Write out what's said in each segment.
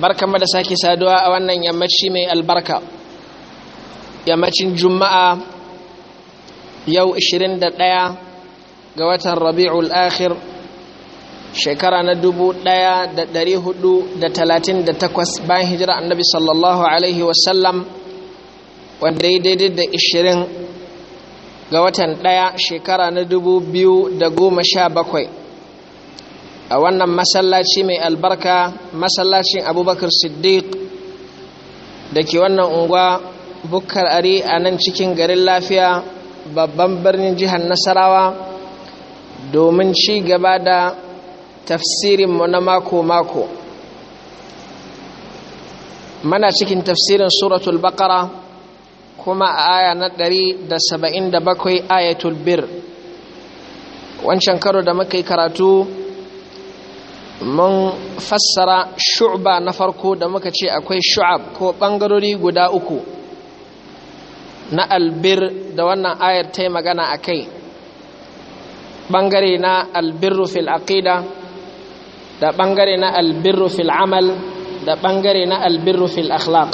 Barka da sake saduwa a wannan yammaci mai albarka yammacin juma'a yau 21 ga watan rabi'ul akhir shekara na 1438 bayan hijira annabi sallallahu alaihi wasallam wanda ya daidai da 20 ga watan 1 shekara na 2017 a wannan masallaci mai albarka masallacin abubakar siddiq da ke wannan unguwa bukkar ari a nan cikin garin lafiya babban birnin jihar nasarawa domin ci gaba da tafsirinmu na mako-mako mana cikin tafsirin suratul baqara kuma a aya na 177 ayatul bir wancan karo da muka yi karatu mun fassara shu'ba na farko da muka ce akwai shu'ab ko ɓangarori guda uku na albir da wannan ayar ta magana a kai ɓangare na albirru fil aqida da ɓangare na albirru fil amal da ɓangare na albirru fil akhlaq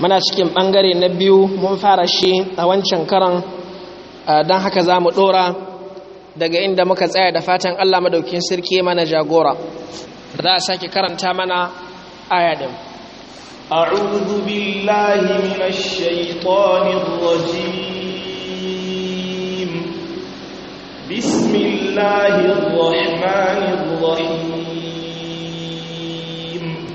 muna cikin ɓangare na biyu mun fara shi a wancan karan don haka za mu ɗora daga inda muka tsaya da fatan Allah madaukin sarki mana jagora za a sake karanta mana aya din a'udhu billahi minash shaitanir rajim bismillahir rahmanir rahim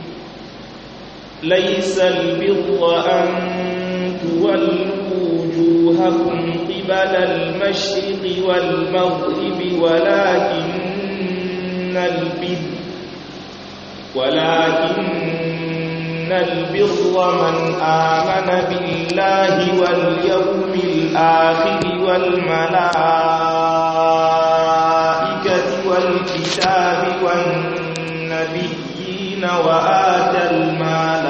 laysa albirra an تولوا وجوهكم قبل المشرق والمغرب ولكن البر ولكن البر من آمن بالله واليوم الآخر والملائكة والكتاب والنبيين وآتى المال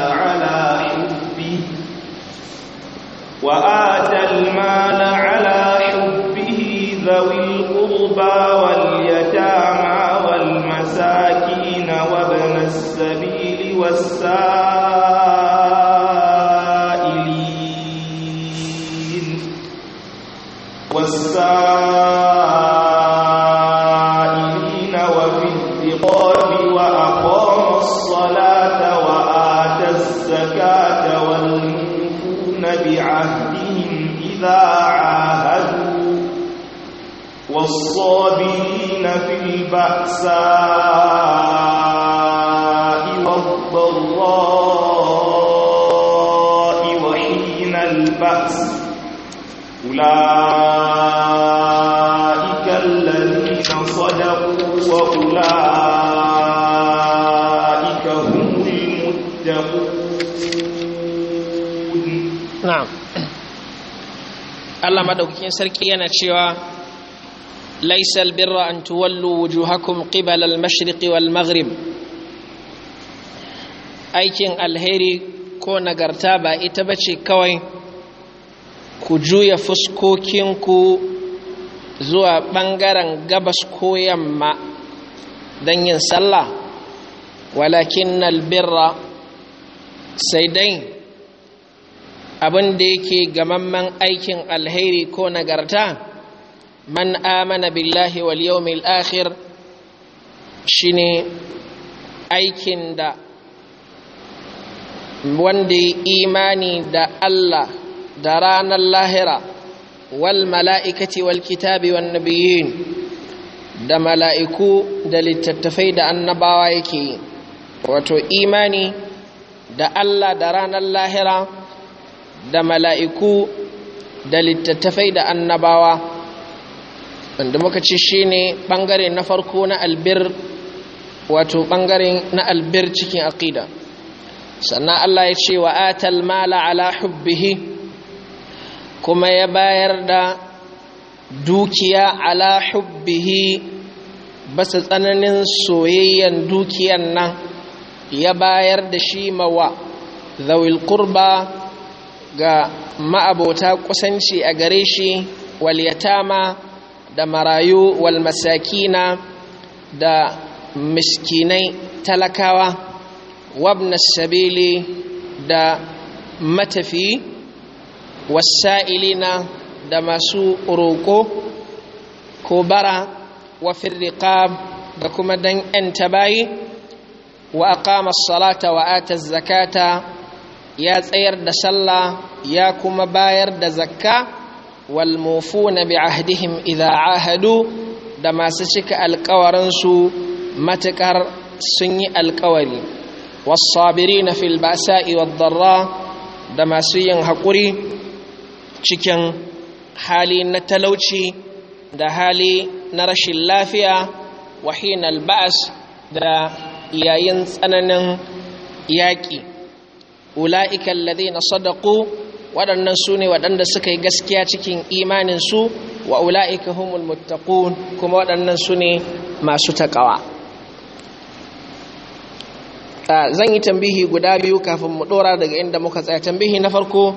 وآتى المال على حبه ذوي القربى واليتامى والمساكين وابن السبيل والسائلين والسائلين والصابرين في البأساء والضراء وحين البأس أولئك الذين صدقوا وأولئك هم المتقون نعم الله مدوكين سركي أنا شيئا birra البر أن تولوا وجوهكم قبل المشرق والمغرب aikin alheri ko nagarta ba ita ba ce kawai ku juya fuskokin ku zuwa ɓangaren gabas ko yamma don yin sallah walakin nalbirra sai dai abin da yake gamamman aikin alheri ko nagarta man amana billahi wal yawmil akhir shine aikin da wanda imani da Allah da ranar lahira wal mala'ikati wal kitabi wan nabiyyin da mala'iku da littattafai da annabawa yake yi wato imani da Allah da ranar lahira da mala'iku da littattafai da annabawa wanda muka ci shi ne ɓangare na farko na albir wato ɓangaren na albir cikin aƙida sannan Allah ya ce wa atal mala ala hubbihi kuma ya bayar da dukiya ala hubbihi basa tsananin soyayyen dukiyan nan ya bayar da shi mawa zawil qurba ga ma'abota kusanci a gare shi wal yatama da marayu wal masakina da miskinai talakawa wabna sabili da matafi wasa'ilina da masu roƙo ko bara wa firriqab da kuma dan yan tabayi wa aqama salata wa zakata ya tsayar da sallah ya kuma bayar da zakka walmufuna bi ahdihim idza ahadu da masu cika alkawarinsu matukar sun yi alkawari wasabirina fil basa'i wad da masu yin haƙuri cikin hali na talauci da hali na rashin lafiya wa hinal da yayin tsananin yaƙi ula'ika na sadaqu waɗannan su ne waɗanda suka yi gaskiya cikin imaninsu wa ula'ika humul muttaqun kuma waɗannan su ne masu taƙawa zan yi tambihi guda biyu kafin mu ɗora daga inda muka tsaya tambihi na farko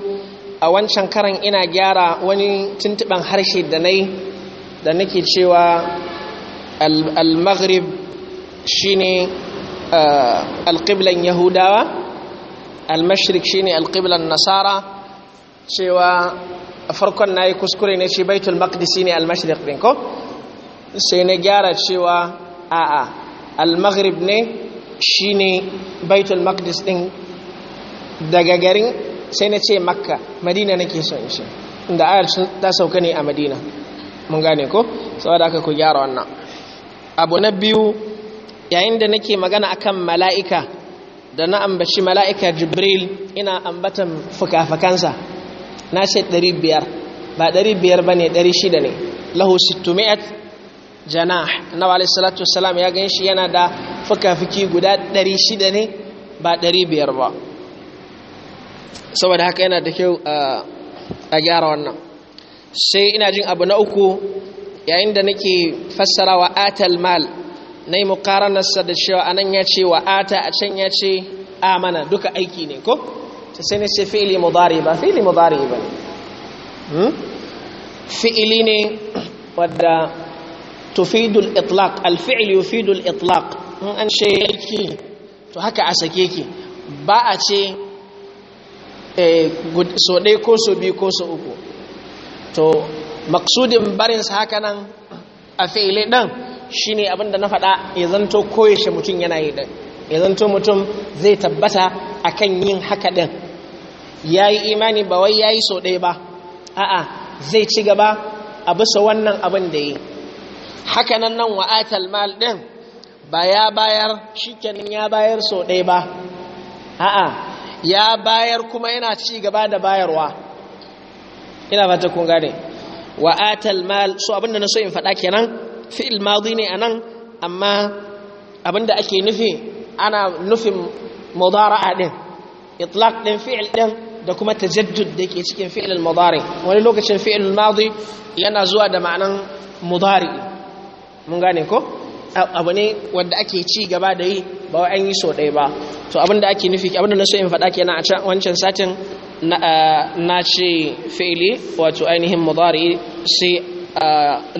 a wancan karan ina gyara wani tuntuɓen harshe da na da nake cewa al-maghrib shi al alƙiblan yahudawa al-mashrik shine alƙiblan nasara cewa farkon na yi kuskure ne shi baitul makdisi ne al-mashriq ɗin ko sai na gyara cewa a'a al-maghrib ne ne baitul maqdis ɗin. daga garin sai na ce makka madina nake ke son shi inda ayar ta sauka ne a madina mun gane ko saboda aka ku gyara wannan abu na biyu yayin da nake magana akan mala'ika da na ambaci mala'ika jibril ina ambatan fuka-fukansa na ce 500 ba 500 ba ne 600 ne lahu 600 jana na wale salatu salam ya gan shi yana da fuka-fuki guda 600 ne ba 500 ba saboda haka yana da kyau a gyara wannan sai ina jin abu na uku yayin da nake fassara wa atal mal na yi mukaranarsa da cewa anan ya ce wa ata a can ya ce amana duka aiki ne ko? sai na ce fi'ili mudari ba fi'ili mudari ba ne hmm? fi'ili ne wadda tufidul itlaq alfi'il yufidul itlaq in an ce yake to haka a sake ki ba a ce eh, so ɗaya ko so biyu ko so uku to maksudin barinsa haka nan a fi'ile ɗan shi ne abinda na faɗa ya zanto koyaushe mutum yana yi ɗan ya zanto mutum zai tabbata akan yin haka ɗin ya yi imani ba wai ya yi so ɗaya ba a'a zai ci gaba a bisa wannan abin da yi hakanan nan wa'atal mal ɗin ba ya bayar shikenan ya bayar so ɗaya ba a'a ya bayar kuma yana ci gaba da bayarwa ina kunga ne wa wa'atal mal so abin da na so in faɗa kenan fi'il madi ne a nan. amma abin da ake nufi ana nufin mudara'a ɗin itlaq ɗin fi'il ɗin da kuma tajaddud da ke cikin fi'il mudari wani lokacin fi'il madi yana zuwa da ma'anan mudari mun gane ko abu ne wanda ake ci gaba da yi ba wai an yi so ɗaya ba to abin da ake nufi abin da na so in faɗa kenan a can wancan satin na ce fi'ili wato ainihin mudari sai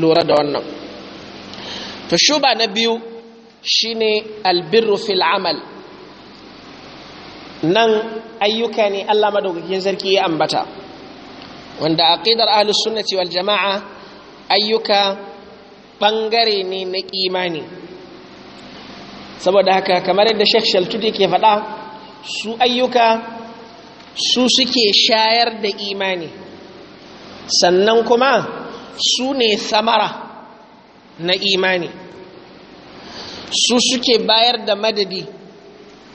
lura da wannan to shuba na biyu shine albirru fil amal nan ayyuka ne Allah madaukakin sarki ya ambata wanda aqidar ahlus sunnati wal jamaa ayyuka bangare ne na imani saboda haka kamar yadda Sheikh Shaltudi ke faɗa su ayyuka su suke shayar da imani sannan kuma su ne samara na imani su suke bayar da madadi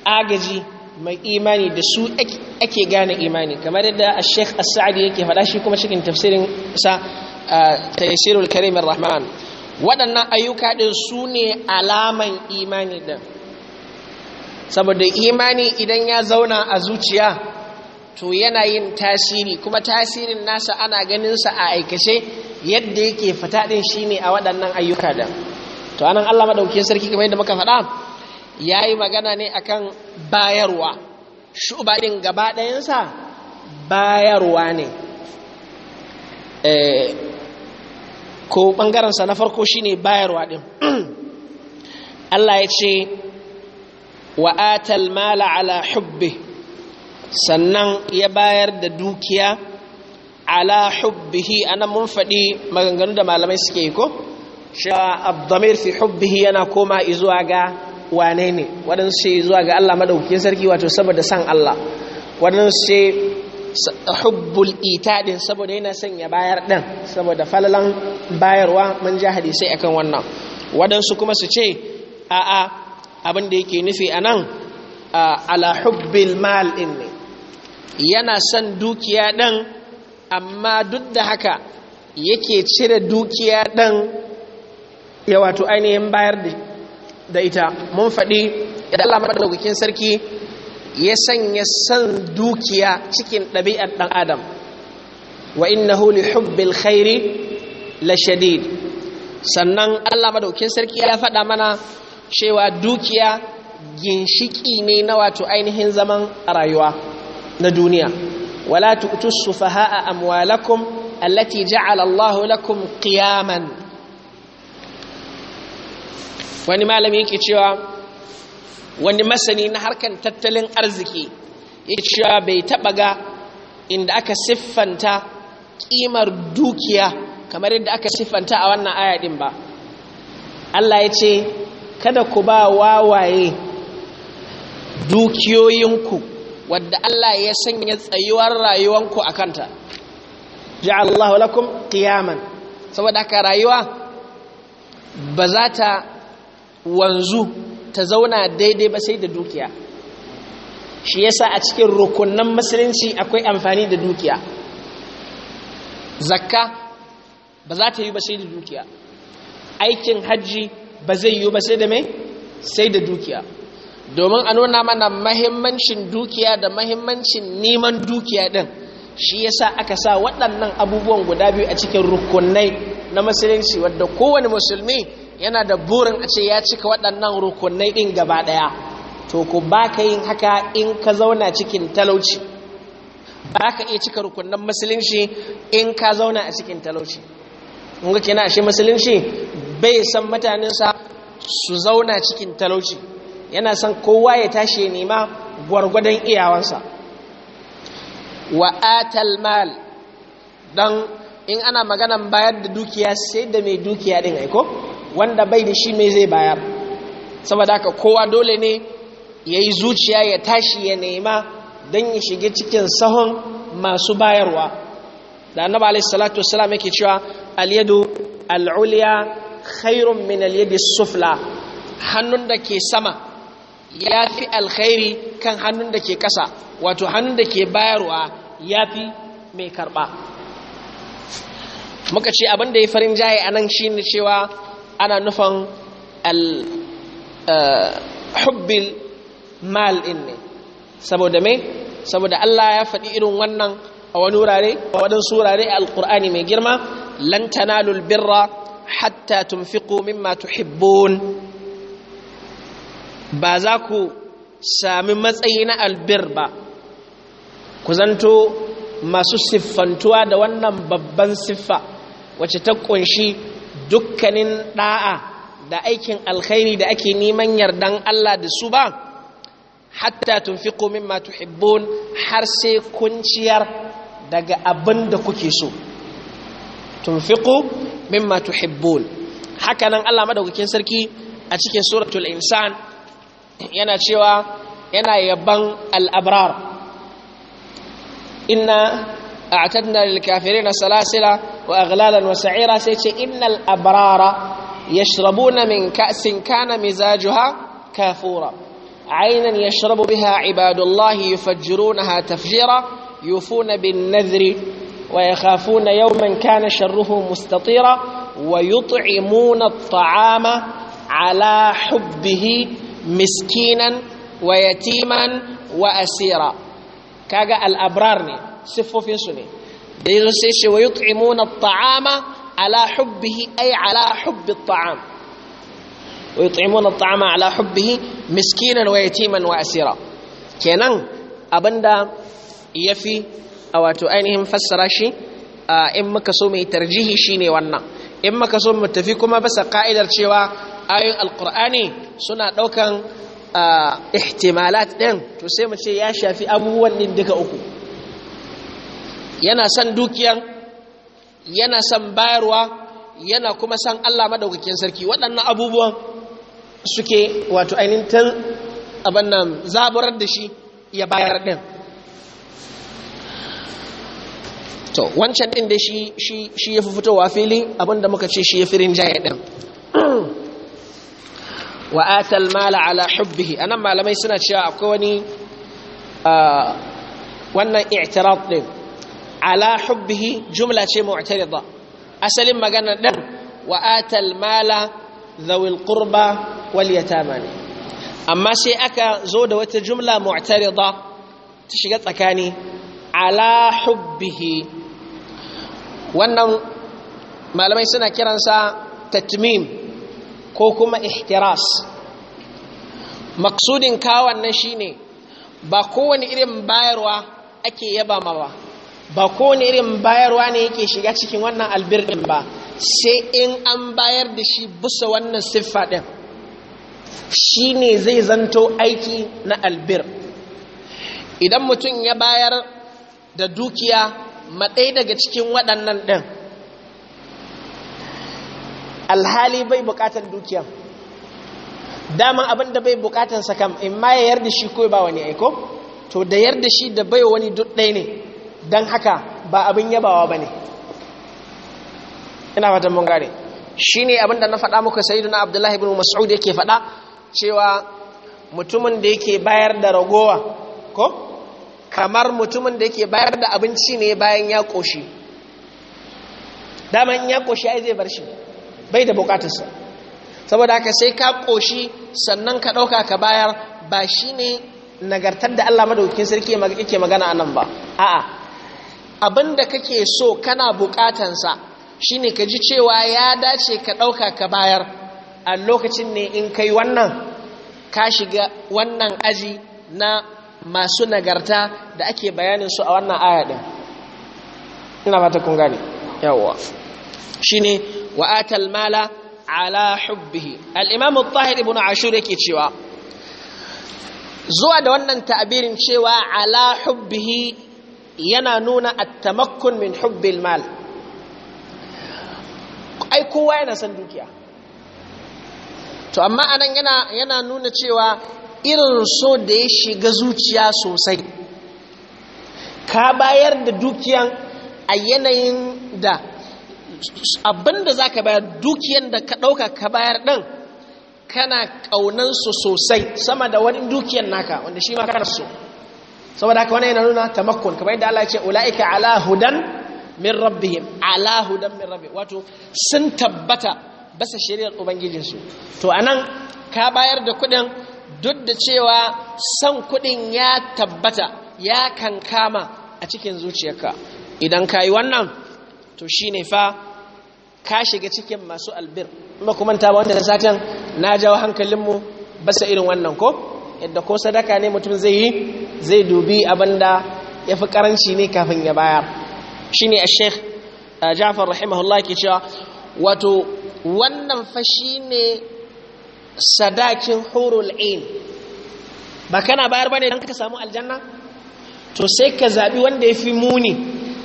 agaji mai imani da su ake gane imani kamar yadda Sheikh al-sa'adi yake faɗa shi kuma cikin tafsirin sa a Karim karimin rahman waɗannan ayyuka ɗin su ne alaman imani da saboda imani idan ya zauna a zuciya to yana yin tasiri kuma tasirin nasa ana ganinsa a aikace yadda yake ɗin shi ne a waɗannan ayyuka da to anan Allah ɗauki sarki kamar yadda muka faɗa yi magana ne akan bayarwa shuba ɗin gaba ɗayansa bayarwa ne eh, ko ɓangarensa na farko shine bayarwa ɗin Allah ya ce wa'atal mala ala hubbe sannan ya bayar da dukiya ala hubbihi ana mun faɗi maganganu da malamai suke ko shi abdamir fi hubbihi yana koma izuwa ga wane ne waɗansu ce zuwa ga Allah maɗaukin sarki wato saboda san Allah waɗansu ce hubbul itadin saboda yana son ya bayar ɗan saboda falalan bayarwa mun ji hadisai akan wannan waɗansu kuma su ce a'a abin da yake nufi a nan ala hubbil mal ɗin ne yana son dukiya ɗan amma duk da haka yake cire dukiya ɗan ya wato ainihin bayar da da ita mun faɗi idan Allah madaukakin sarki ya sanya san dukiya cikin ɗabi'ar ɗan adam wa innahu li hubbil khairi la shadid sannan Allah madaukakin sarki ya faɗa mana cewa dukiya ginshiki ne na wato ainihin zaman rayuwa na duniya wala tu'tus sufaha'a amwalakum allati ja'ala Allahu lakum qiyaman wani malami yake cewa wani masani na harkar tattalin arziki yake cewa bai taɓa ga inda aka siffanta ƙimar dukiya kamar yadda aka siffanta a wannan ayadin ba Allah ya ce kada ku ba wawaye dukiyoyinku wadda Allah ya sanya tsayuwar rayuwanku a kanta ja'alallahu lakum qiyaman saboda haka rayuwa ba za ta wanzu ta zauna daidai ba sai da dukiya shi yasa a cikin rukunan musulunci akwai amfani da dukiya zakka ba za ta yi ba sai da dukiya aikin hajji ba zai yi ba sai da mai sai da dukiya domin a nuna mana mahimmancin dukiya da mahimmancin neman dukiya din shi yasa aka sa waɗannan abubuwan guda biyu a cikin rukunai na musulunci wadda kowane musulmi yana da burin a ce ya cika waɗannan rukunai ɗin gaba ɗaya to ku ba ka yin haka in ka zauna cikin talauci ba ka iya cika rukunan musulunci in ka zauna a cikin talauci in ga kina shi musulunci bai san mutanensa su zauna cikin talauci yana son kowa ya tashi nema gwargwadon iyawansa wa atal mal dan in ana maganan bayar da dukiya sai da mai dukiya ɗin aiko wanda bai da shi mai zai bayar saboda haka kowa dole ne ya yi zuciya ya tashi ya nema don ya shiga cikin sahon masu bayarwa da annaba alaihissalatu wasalam yake cewa alyadu al'uliya khairun min alyadi sufla hannun da ke sama ya fi alkhairi kan hannun da ke kasa wato hannun da ke bayarwa ya fi mai karba muka ce abin ya farin jaye a nan shi ne cewa ana nufan eh, hubbil mal in ne saboda mai saboda Allah ya faɗi irin wannan a wani wurare a waɗansu wurare a alƙur'ani mai girma lantana lulbirra hatta tumfiƙo mimma tuhibbun ba za ku sami matsayi na albir ba ku zanto masu siffantuwa da wannan babban siffa wacce ta ƙunshi dukkanin ɗa'a da aikin alkhairi da ake neman yardan Allah da su ba hatta tunfiqu mimma tuhibbun har sai kunciyar daga abin da kuke so tunfiqu mimma tuhibbun hakanan Allah madaukakin sarki a cikin suratul insan yana cewa yana yaban al'abrar abrar inna أعتدنا للكافرين سلاسل وأغلالا وسعيرا سيتي إن الأبرار يشربون من كأس كان مزاجها كافورا عينا يشرب بها عباد الله يفجرونها تفجيرا يوفون بالنذر ويخافون يوما كان شره مستطيرا ويطعمون الطعام على حبه مسكينا ويتيما وأسيرا كاغا الأبرار siffofinsu ne da yazo sai ce wa yut'imuna at'ama ala hubbihi ay ala hubbi at'am wa yut'imuna at'ama ala hubbihi miskinan wa yatiman wa asira kenan abinda yafi a wato ainihin fassara shi in muka so mai tarjihi shine wannan in muka so mu tafi kuma basa ka'idar cewa ayoyin alkur'ani suna ɗaukan ihtimalat ɗin. to sai mu ce ya shafi abubuwan ɗin duka uku yana son dukiyan yana son bayarwa yana kuma san Allah madaukakin sarki waɗannan abubuwan suke wato ainihin abin nan zaburar da shi ya bayar ɗin to wancan ɗin da shi shi ya fi fitowa fili abinda muka ce shi ya fi jaya ɗin wa atal mala ala hubbihi anan malamai suna cewa akwai wani ah, wannan i'tirad ɗin ala hubbihi jumla ce mu'tarida asalin magana dan wa atal mala dhawil qurba wal yatama ne amma sai aka zo da wata jumla mu'tarida ta shiga tsakani ala hubbihi wannan malamai suna kiransa tatmim ko kuma ihtiras maksudin kawan nan shine ba kowane irin bayarwa ake yaba ma ba ba ko ne irin bayarwa ne yake shiga cikin wannan albir ba sai in an bayar da shi busa wannan siffa ɗin shi ne zai zanto aiki na albir idan mutum ya bayar da dukiya matsayi daga cikin waɗannan ɗin alhali bai buƙatar dukiya dama abin da bai buƙatar sakam in ma ya yarda shi ko ba wani aiko to da yarda shi da bai wani duk ɗaya ne don haka ba abin yabawa ba ne ina fatan mun shi ne abinda na faɗa muka sayidu na abdullahi bin mas'ud yake faɗa cewa mutumin da yake bayar da ragowa ko kamar mutumin da yake bayar da abinci ne bayan ya ƙoshi daman ya ƙoshi ai zai bar shi bai da bukatarsa saboda haka sai ka ƙoshi sannan ka ɗauka ka bayar ba shi ne nagartar da allah madaukin sarki yake magana a nan ba a'a Abin da kake so kana bukatansa shine ka ji cewa ya dace ka ɗauka ka bayar a lokacin ne in kai wannan ka shiga wannan aji na masu nagarta da ake bayanin su a wannan aya ina ina ta kun ne, yawwa Shi wa atal mala ala hubbihi al tahir ibn ashur yake cewa zuwa da wannan ta'abirin cewa ala hubbihi yana nuna attamakkun min hubbil mal ai kowa yana son dukiya to amma anan yana yana nuna cewa irin so da ya shiga zuciya sosai ka bayar da dukiyan a yanayin da abinda za ka bayar dukiyan da ka ɗauka ka bayar ɗan, kana ƙaunansu sosai sama da wani dukiyan naka wanda shi ma kana so saboda haka wani yana nuna tamakon kamar yadda Allah ya ce ulaika ala hudan min rabbihim ala hudan min rabbihim wato sun tabbata basa shari'ar ubangijin su to anan ka bayar da kuɗin duk da cewa san kuɗin ya tabbata ya kankama a cikin zuciyarka idan ka yi wannan to shine fa ka shiga cikin masu albir kuma kuma ta wanda na satan na jawo hankalinmu basa irin wannan ko yadda ko sadaka ne mutum zai yi zai dubi abinda ya fi karanci ne kafin ya bayar shi ne a sheikh jafar rahimahullah ke cewa wato wannan fashi ne sadakin hurul ain ba kana bayar ba ne don ka samu aljanna to sai ka zaɓi wanda ya fi muni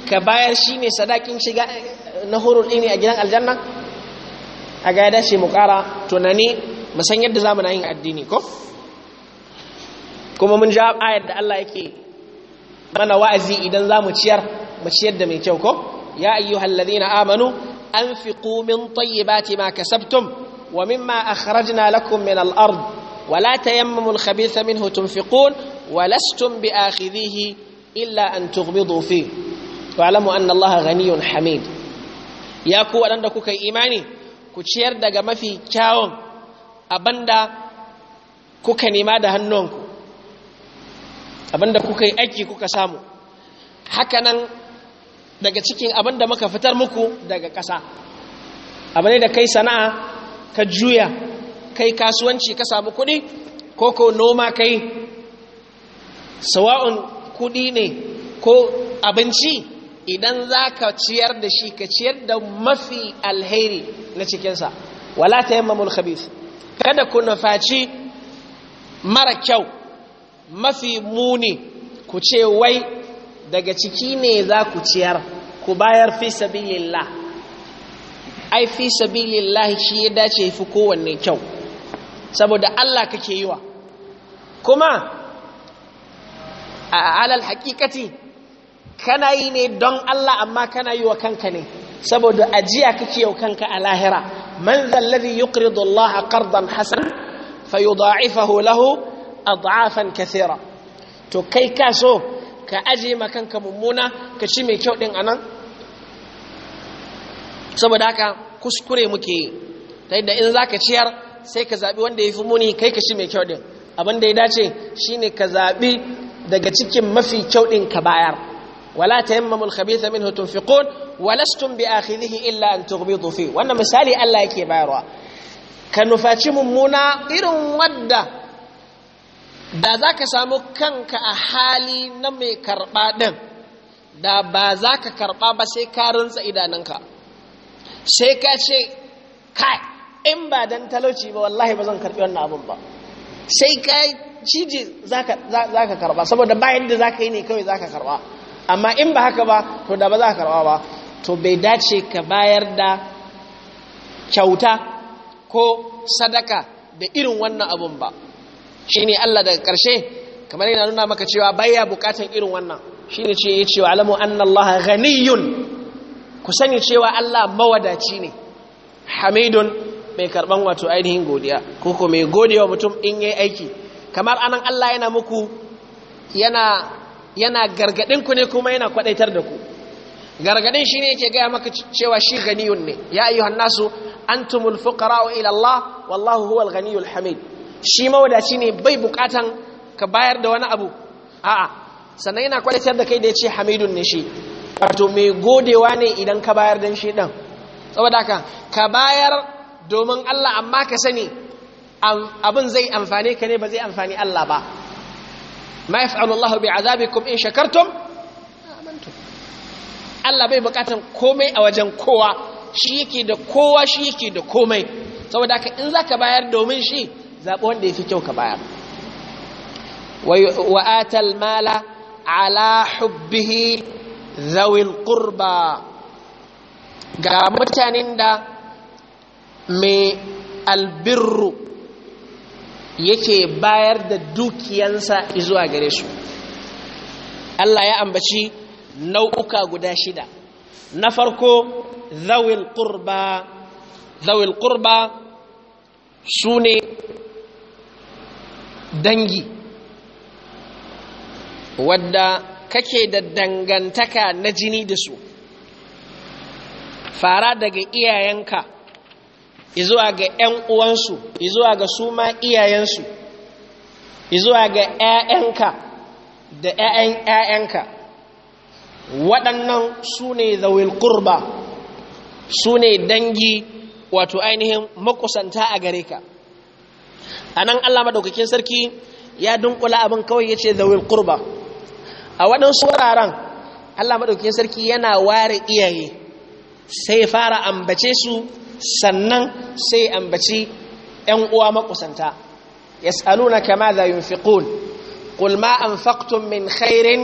ka bayar shi ne sadakin shiga eh, na hurul ain a gidan aljanna a ga ya dace mu ƙara tunani musan yadda za mu na yin addini ko kuma mun ja ayar da Allah yake mana wa'azi idan za mu ciyar mu ciyar da mai kyau ko ya ayyuhal ladina amanu anfiqu min tayyibati ma kasabtum wa mimma akhrajna lakum min al-ard wa la tayammamu al-khabitha minhu tunfiqun wa lastum bi'akhidhihi illa an tughmidu fi wa'lamu anna Allah ghaniyyun hamid ya ku wadanda kuka imani ku ciyar daga mafi kyawun abanda kuka nema da hannunku abinda kuka yi aiki kuka samu hakanan daga cikin abinda muka fitar muku daga ƙasa abu ne da kai sana'a ka juya kai kasuwanci ka samu kuɗi ko ko noma kai sawa'un kuɗi ne ko abinci idan za ka ciyar da shi ka ciyar da mafi alheri na cikinsa wala ta yammamul khabis kada ku nufaci mara kyau mafi muni ku ce wai daga ciki ne za ku ciyar ku bayar fi sabilillah ai fi sabilillah shi ya dace fi kowanne kyau saboda Allah kake yi wa kuma a alal hakikati kana yi ne don Allah amma kana yi wa kanka ne saboda ajiya kake yau kanka a lahira man zallazi yuqridu Allah qardan hasan fayudha'ifahu lahu adhafan kathira to kai ka so ka aje ma kanka mummuna ka ci mai kyau din anan saboda haka kuskure muke yi ta yadda in zaka ciyar sai ka zabi wanda yafi muni kai ka ci mai kyau din abin da ya dace shine ka zabi daga cikin mafi kyau din ka bayar wala tayammamul khabitha minhu tunfiqun walastum bi akhidhihi illa an tughbidu fi wannan misali Allah yake bayarwa ka nufaci mummuna irin wadda da za ka samu kanka a hali na mai karɓa ɗin da ba za ka karɓa ba sai ka rinsa idanunka sai ka ce kai in ba don talauci ba wallahi ba zan karɓi wannan abin ba sai ka cije za ka karɓa saboda bayan da za ka yi ne kawai za ka karɓa amma in ba haka ba to da ba za ka karɓa ba to bai dace ka bayar da kyauta ko sadaka da irin wannan abin ba Shin Allah daga ƙarshe kamar yana nuna maka cewa baya bukatan irin wannan ne ce ya ce wa alamu an Allah ku sani cewa Allah mawadaci ne hamidun mai karɓan wato ainihin godiya ko ko mai wa mutum in yayi aiki kamar anan Allah yana muku yana yana gargadin ku ne kuma yana kwaɗaitar da ku gargadin shi ne yake gaya maka cewa shi ganiyun ne ya ayyuhan nasu antumul fuqara ila Allah wallahu huwal ganiyul hamid shi mawadaci ne bai bukatan ka bayar da wani abu a'a sannan yana kwalitar da kai da ya ce hamidun ne shi wato mai godewa ne idan ka bayar don shi ɗan saboda ka ka bayar domin Allah amma ka sani abin zai amfane ka ne ba zai amfani Allah ba ma yaf'alu Allah bi azabikum in shakartum Allah bai bukatan komai a wajen kowa shi yake da kowa shi yake da komai saboda ka in ka bayar domin shi zaɓi wanda ya fi kyau ka bayar wa atal mala ala hubbihi zawil ƙurba ga mutanen da mai albirru yake bayar da dukiyansa zuwa gare su Allah ya ambaci nau'uka guda shida na farko zawil qurba zawil qurba su ne dangi wadda kake da dangantaka na jini da su fara daga iyayenka izuwa ga 'yan uwansu izuwa ga su ma iyayensu izuwa ga 'ya'yanka da 'ya'yan 'ya'yanka waɗannan su ne zawil kurba su ne dangi wato ainihin makusanta a gare ka a nan allah maɗaukakin sarki ya dunkula abin kawai ya ce zawil kurba a waɗansu wuraren allah maɗaukakin sarki yana ware iyaye sai fara ambace su sannan sai ambaci ‘yan uwa makusanta ya na kama za yin fiƙun ƙulma an min khairin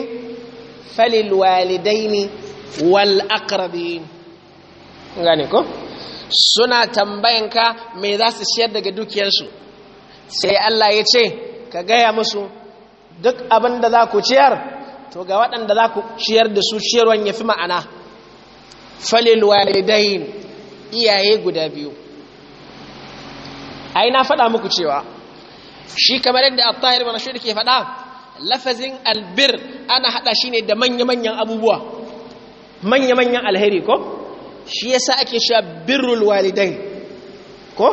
falil walidaini wal aqrabin gane ko suna tambayanka me za su shiyar daga dukiyarsu sai Allah ya ce ka gaya musu duk abin da za ku ciyar to ga waɗanda za ku ciyar da su ciyarwan ya fi ma'ana falil walidain iyaye guda biyu A na faɗa muku cewa shi kamar yadda at mana shi da ke faɗa lafazin albir ana haɗa shi ne da manya-manyan abubuwa manya-manyan alheri ko shi yasa ake sha birrul walidain ko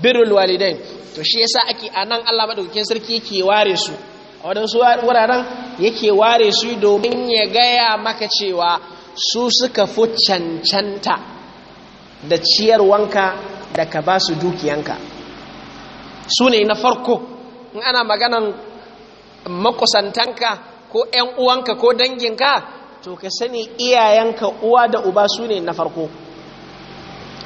birrul walidain to shi yasa ake anan Allah madaukakin sarki yake ware su a wadansu wuraren yake ware su domin ya gaya maka cewa su suka fi cancanta da wanka da ka ba su dukiyanka su ne na farko in ana maganan makusantanka ko 'yan uwanka ko danginka to ka sani iyayenka uwa da uba su ne na farko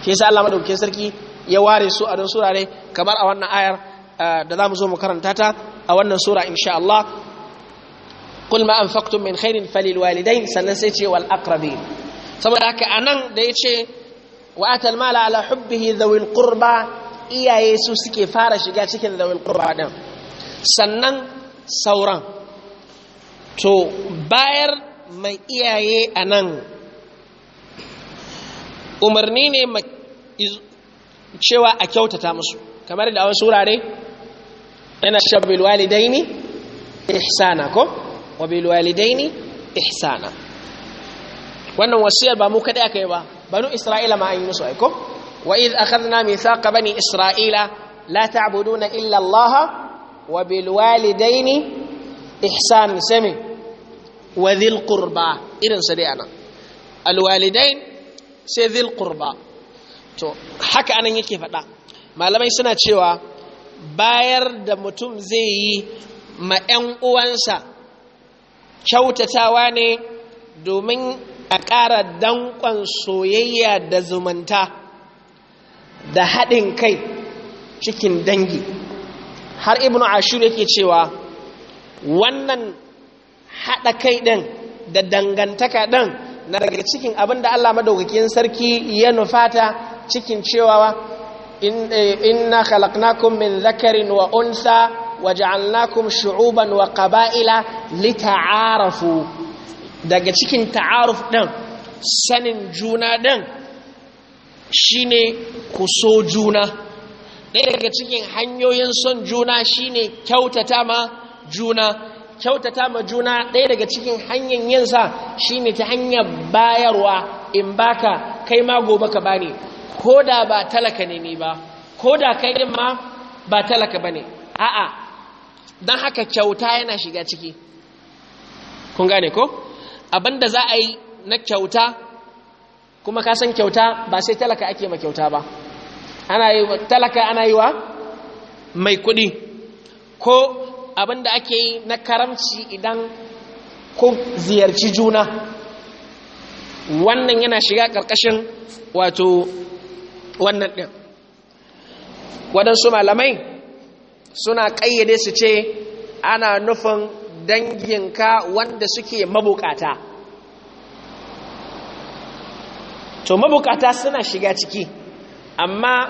ke sa Allah madaukakin sarki ya ware su a don surare kamar a wannan ayar eh, da za mu zo mu karanta ta a wannan sura insha Allah kul ma anfaqtum min khairin falil walidain sannan sai ce wal aqrabin saboda haka anan da yace wa atal mala ala hubbihi dhawil qurba iyaye su suke fara shiga cikin dhawil qurba din sannan sauran to bayar mai iyaye anan umarni ne cewa a kyautata musu kamar da wasu wurare yana cewa walidaini ihsana ko wa walidaini ihsana wannan wasiyar ba mu aka akai ba banu isra'ila ma an yi musu aiko wa id akhadna mithaqa bani isra'ila la ta'buduna illa allah wa bil walidaini ihsan sami wa dhil qurba irin sa ana al walidain sai dhil qurba to haka anan yake faɗa malamai suna cewa bayar da mutum zai yi ma 'yan uwansa kyautatawa ne domin a ƙara danƙon soyayya da zumunta da haɗin kai cikin dangi har ibnu ashur yake cewa wannan haɗa kai ɗin da dangantaka ɗin na daga cikin abin da allah madaukakin sarki ya nufata cikin cewa eh, inna khalaqnakum min dhakarin wa unsa wa ja'alnakum shu'uban wa qaba'ila lita'arafu daga cikin ta'aruf din sanin juna din shine ku so juna daga cikin hanyoyin son juna shine kyautata ma juna kyautata ma juna ɗaya daga cikin hanyar yinsa shine ta hanyar bayarwa in baka kai ma gobe ka bani ko da ba talaka ne ni ba ko da kai din ma ba talaka bane a'a dan haka kyauta yana shiga ciki kun gane ko abinda za a yi na kyauta kuma ka san kyauta ba sai talaka ake ma kyauta ba talaka ana yi wa mai kuɗi ko abinda ake yi na karamci idan ku ziyarci juna wannan yana shiga ƙarƙashin wato wannan ɗin waɗansu malamai suna ƙayyade su ce ana nufin danginka wanda suke mabukata to mabukata suna shiga ciki amma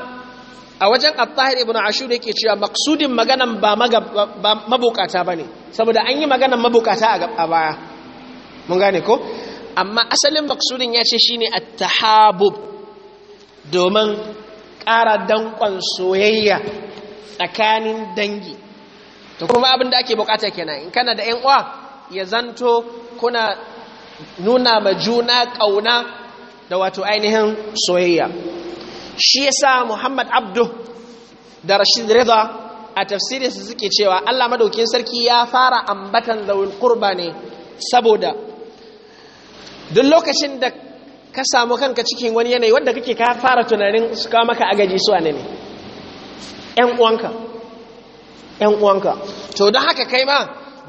a wajen attahir ibn ashur yake cewa maksudin maganan ba mabukata bane saboda an yi maganan mabukata a baya mun gane ko amma asalin maksudin ya ce shine at-tahabub domin ƙara danƙon soyayya tsakanin dangi Ta kuma abinda ake bukata kenan in kana da yan uwa ya zanto kuna nuna ma juna ƙauna da wato ainihin soyayya shi yasa Muhammad Abdu da Rashid Reza a tafsirin su suke cewa Allah madaukin sarki ya fara ambatan zaun kurba ne saboda duk lokacin da ka samu kanka cikin wani yanayi wanda kake ka fara tunanin su kawo maka agaji su wane ne ‘yan uwanka ‘yan uwanka to don haka kai ma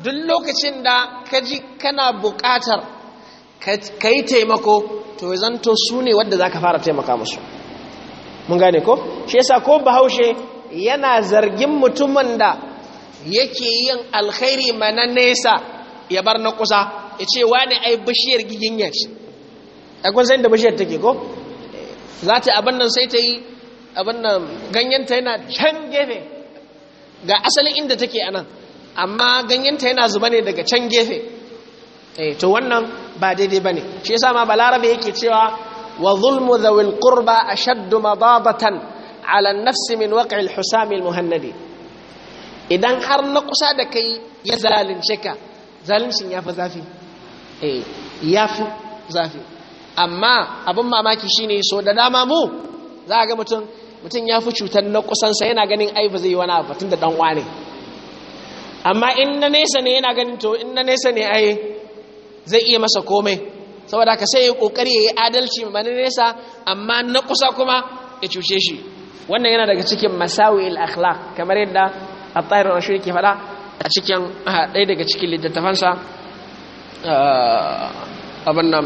duk lokacin da ka ji kana buƙatar ka yi taimako to zanto su ne wadda za ka fara taimaka musu mun gane ko shi yasa ko bahaushe yana zargin mutumin da yake yin alkhairi mana nesa ya bar na kusa ya ce wane ai bishiyar giginya ce a kun san da bishiyar take ko za ta abin nan sai ta yi abin nan ganyenta yana can gefe ga asalin inda take anan amma ganyenta yana zuba ne daga can gefe eh to wannan ba daidai bane shi yasa ma balarabe yake cewa wa zulmu dhawil qurba ashaddu mababatan ala an-nafs min waqi al-husam al-muhannadi idan har na kusa da kai ya zalunce ka zaluncin yafi zafi eh zafi amma abin mamaki shine so da dama mu za a ga mutum mutum ya fi cutar na kusansa yana ganin ai ba zai yi wani abu da dan wane amma in na nesa ne yana ganin to in na nesa ne ai zai iya masa komai saboda ka sai ya kokari ya yi adalci ma na nesa amma na kusa kuma ya cuce shi wannan yana daga cikin masawi'il akhlaq kamar yadda at-tahir rashid yake fada a cikin ɗaya daga cikin littattafansa abin nan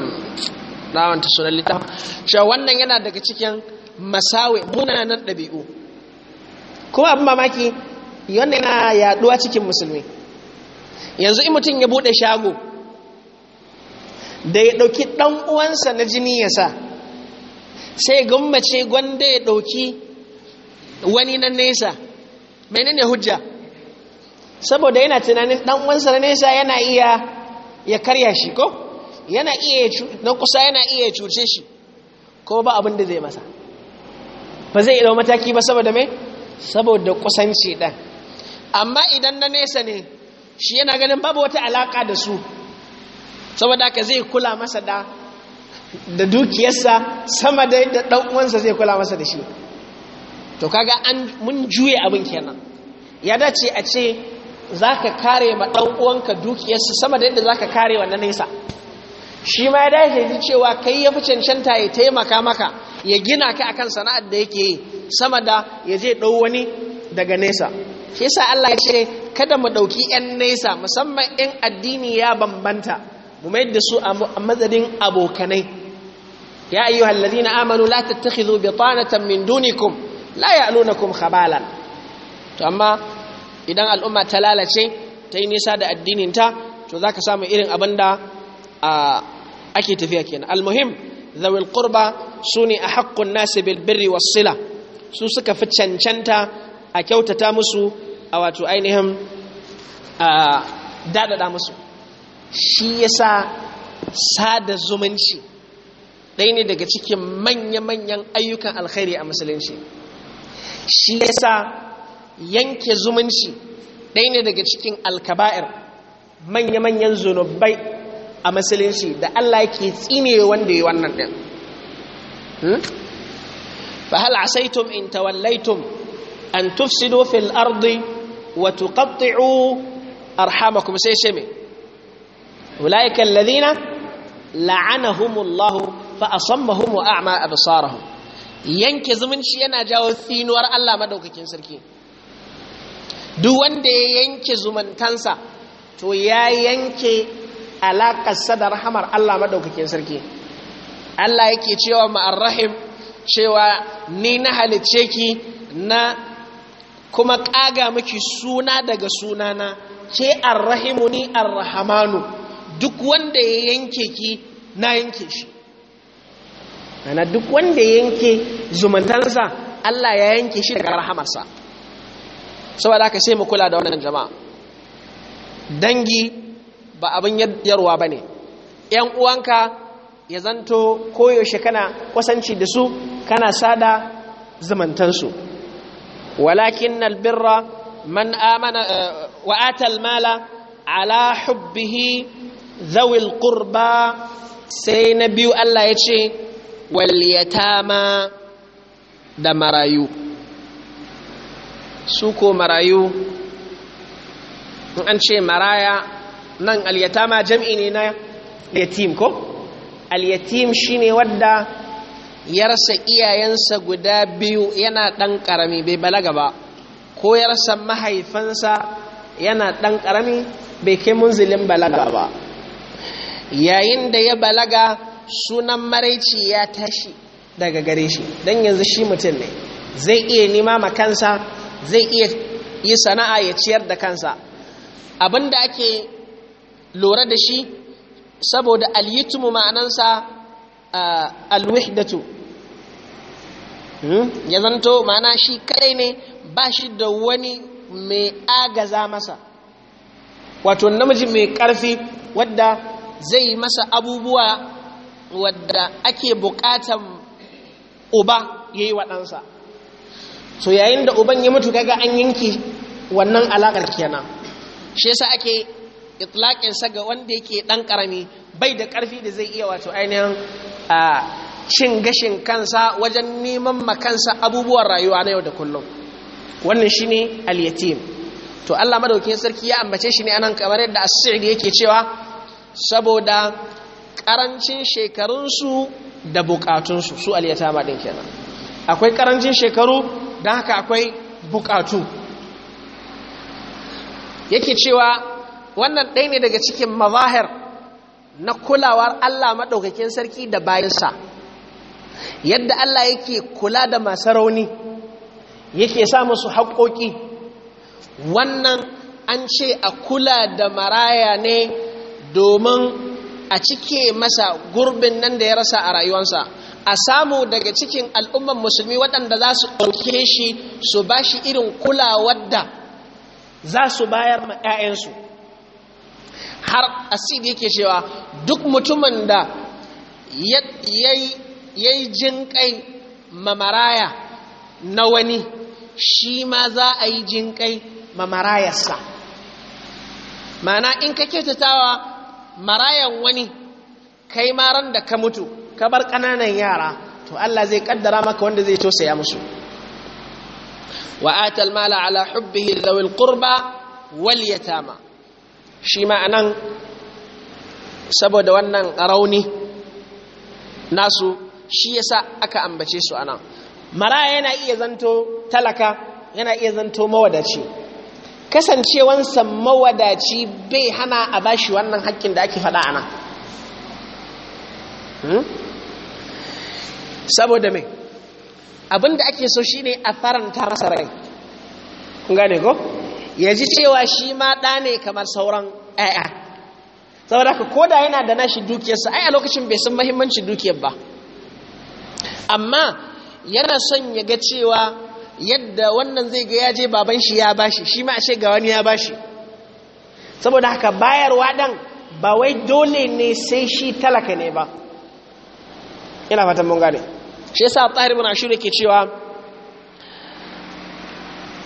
rawanta sunan littafin shi wannan yana daga cikin masawe nan ɗabi'u kuma abin mamaki wannan yana yaduwa cikin musulmi yanzu in mutum ya bude shago da ya ɗauki ɗan uwansa na jini ya sa sai gwammace gwanda ya ɗauki wani na nesa menene hujja saboda yana tunanin ɗan uwansa na nesa yana iya ya karya shi ko yana iya na kusa yana iya cuce shi ko ba abin da zai masa ba zai ɗau mataki ba saboda mai saboda kusanci ɗan amma idan na nesa ne shi yana ganin babu wata alaƙa da su saboda ka zai kula masa da da dukiyarsa sama da ɗan uwansa zai kula masa da shi to kaga an mun juye abin kenan ya dace a ce za ka kare ma ɗan uwanka dukiyarsa sama da yadda za ka kare na nesa shi ma ya dace ji cewa kai ya fi cancanta ya taimaka maka ya gina ka akan sana'ar da yake yi sama da ya je ɗau wani daga nesa shi sa Allah ya ce kada mu ɗauki 'yan nesa musamman 'yan addini ya bambanta mu mai da su a matsadin abokanai ya ayyu na amanu la tattakhidhu bitanatan min dunikum la khabalan to amma idan al'umma ta lalace ta yi nisa da addinin ta to ka samu irin abinda a ake tafiya kenan almuhim zawil qurba sune a nasi bil birri was sila su suka fi cancanta a kyautata musu a wato ainihin a dadada musu shi yasa sada zumunci ɗaya ne daga cikin manya-manyan ayyukan alkhairi a musulunci shi yasa yanke zumunci ɗaya ne daga cikin alkaba'ir manya-manyan zunubai a musulunci da Allah yake tsine wanda yi wannan din hmm? fa asaitum in tawallaitum an tufsidu fil ardi wa tuqatti'u arhamakum sai sheme ulaika alladhina la'anahumullahu fa asammahum wa a'ma absarahum yanke zumunci yana jawo tsinuwar Allah madaukakin sarki duk wanda ya yanke zumuntansa to ya yanke alaƙar da rahamar Allah maɗaukakin sarki Allah yake cewa ma'arrahim cewa ni na halice ki na kuma ƙaga miki suna daga sunana ce arrahimu ni arrahamanu duk wanda ya yanke ki na yanke shi ana duk wanda ya yanke zumuntansa Allah ya yanke shi daga rahamarsa saboda haka sai mu kula da wannan jama'a dangi ba abin yarwa ba ne ‘yan uwanka ya zanto koyaushe kana kwasanci da su kana sada zumuntansu walakin nalbirra man amana eh, wa'atal mala ala hubbihi zawil qurba sai na biyu Allah ya ce ma da marayu su ko marayu in an ce maraya nan alyatama jam'i ne na yatim ko alyatim shine wadda ya rasa iyayensa guda biyu yana ɗan ƙarami bai balaga ba ko ya rasa mahaifansa yana ɗan ƙarami bai kai munzilin balaga ba yayin da ya balaga sunan maraici ya tashi daga gare shi don yanzu shi mutum ne zai iya nima ma kansa zai iya yi sana'a ya ciyar da kansa abinda ake lura da shi saboda alyitmu ma'anansa alwihdatu hmm? ya zanto ma'ana shi kadai ne ba shi da wani mai agaza masa wato namiji mai karfi wadda zai masa abubuwa wadda ake bukatan uba ya yi waɗansa so yayin da uban ya mutu kaga an yanki wannan alaƙar kenan shi yasa ake itlaƙin sa ga wanda yake ɗan ƙarami bai da ƙarfi da zai iya wato ainihin cin gashin kansa wajen neman makansa abubuwan rayuwa na yau da kullum wannan shi ne al to Allah madaukin sarki ya ambace shi ne anan kamar yadda as yake cewa saboda ƙarancin shekarunsu da bukatunsu su Aliyata ma kenan akwai ƙarancin shekaru don haka akwai buƙatu yake cewa wannan ɗaya ne daga cikin mazahir na kulawar Allah maɗaukakin sarki da bayansa yadda Allah yake kula da masu rauni yake sa musu haƙoƙi wannan an ce a kula da maraya ne domin a cike masa gurbin nan da ya rasa a rayuwansa a samu daga cikin al'ummar musulmi waɗanda za su ɗauke shi su ba shi irin kulawar da za su bayar ma ‘ya'yansu har asid yake cewa duk mutumin da ya yi jin kai mamaraya na wani shi ma za a yi jin kai mamarayarsa mana in ka tatawa marayan wani kai maran da ka mutu ka bar kananan yara to Allah zai kaddara maka wanda zai tausaya musu wa atal mala ala hubbihi dhawil qurba wal yatama shi ma'anan saboda wannan rauni nasu shi yasa aka ambace su anan maraya yana iya zanto talaka yana iya zanto mawadaci kasancewansa mawadaci bai hana a bashi wannan hakkin da ake faɗa anan hmm? saboda mai abinda ake so shine a faranta rasa rai kun gane ko? ya ji cewa shi ma ɗa ne kamar sauran ‘ya'ya saboda haka koda yana da nashi dukiyarsa ai a lokacin bai san mahimmanci dukiyar ba amma yana son ya ga cewa yadda wannan zai ga yaje baban shi ya bashi shi ma ce ga wani ya bashi saboda haka bayarwa dan ba wai dole ne sai shi talaka ne ba ina fatan mun gane shi yasa tsari bin ashiru ke cewa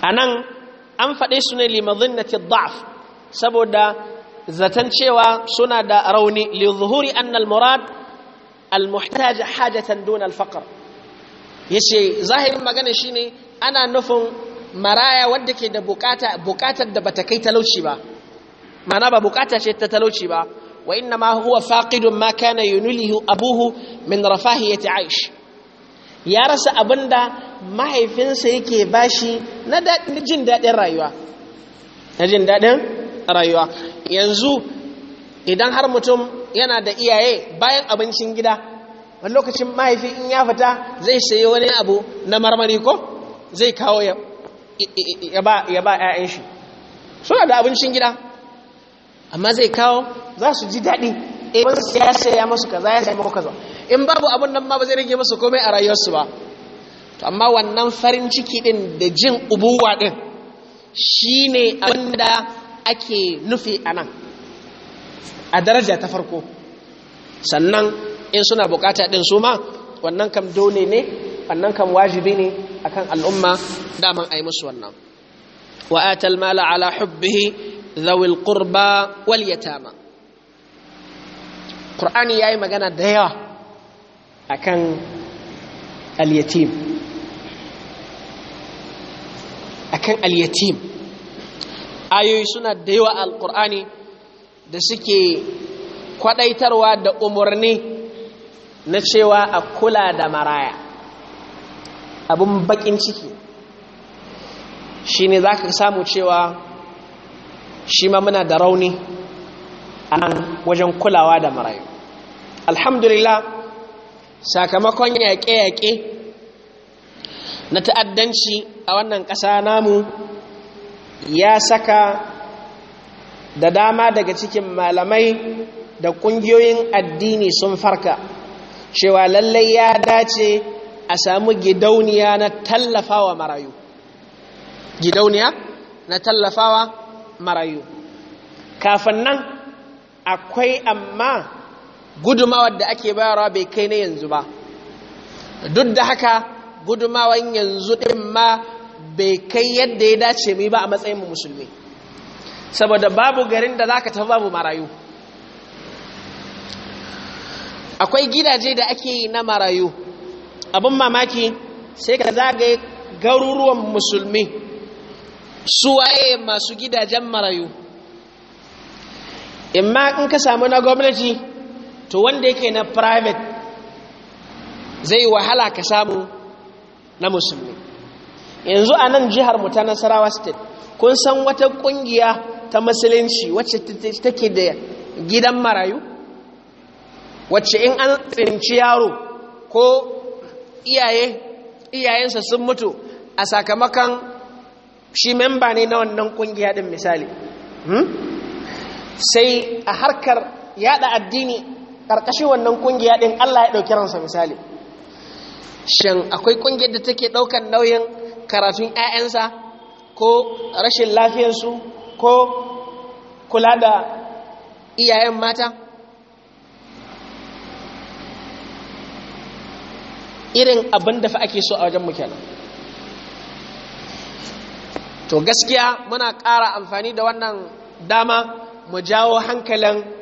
anan an faɗe su ne limazinnati saboda zaton cewa suna da rauni li zuhuri annal murad al hajatan dun al yace zahirin magana shine ana nufin maraya wanda ke da bukata bukatar da bata kai talauci ba Mana ba bukata ce ta talauci ba wa inna ma huwa faqidun ma kana yunulihu abuhu min rafahiyati aish ya rasa abin da mahaifinsa yake bashi na jin daɗin rayuwa na jin daɗin rayuwa yanzu idan har mutum yana da iyaye bayan abincin gida wani lokacin mahaifi in ya fita zai sayi wani abu na marmari ko zai kawo ya ba 'ya'yan shi suna da abincin gida amma zai kawo za su ji daɗi ebansu eh, ya saya masu kaza ya saya maku kaza in babu abun nan ma ba zai rage musu komai a rayuwarsu ba to amma wannan farin ciki din da jin ubuwa din shine abin da ake nufi a nan a daraja ta farko sannan in suna bukata din su ma wannan kam dole ne wannan kam wajibi ne akan al'umma daman yi musu wannan wa atal mala ala hubbihi zawil qurba wal yatama qur'ani yayi magana da yawa akan al-yatim akan al-yatim ayoyi suna da yawa al-qur'ani da suke kwadaitarwa da umarni na cewa a kula da maraya abun bakin ciki shine zaka samu cewa shi ma muna da rauni a wajen kulawa da marayu alhamdulillah sakamakon yaƙe-yaƙe na ta'addanci a wannan ƙasa namu ya saka da dama daga cikin malamai da ƙungiyoyin addini sun farka cewa lallai ya dace a samu gidauniya na tallafawa marayu gidauniya na tallafawa marayu kafin nan akwai amma gudumawar da ake bayarwa bai kai na yanzu ba duk da haka gudumawan yanzu ɗin ma bai kai yadda ya dace mai ba a matsayin musulmi saboda babu garin da zaka tafi babu marayu akwai gidaje da ake yi na marayu abin mamaki sai ka zagaye garuruwan musulmi su waye masu gidajen marayu in ma in ka samu na gwamnati to wanda yake na private zai wahala ka samu na musulmi yanzu a nan jihar mu ta nasarawa state kun san wata kungiya ta musulunci wacce take da gidan marayu wacce in an tsirinci yaro ko iyaye iyayensa sun mutu a sakamakon shi memba ne na wannan kungiya din misali hmm? sai a harkar yada addini ƙarƙashin wannan ƙungiya ɗin Allah ya ɗauki ransa misali shin akwai ƙungiyar da take ɗaukar nauyin karatun 'ya'yansa ko rashin lafiyarsu ko kula da iyayen mata irin abin da fa ake so a wajen mu kenan to gaskiya muna ƙara amfani da wannan dama mu jawo hankalin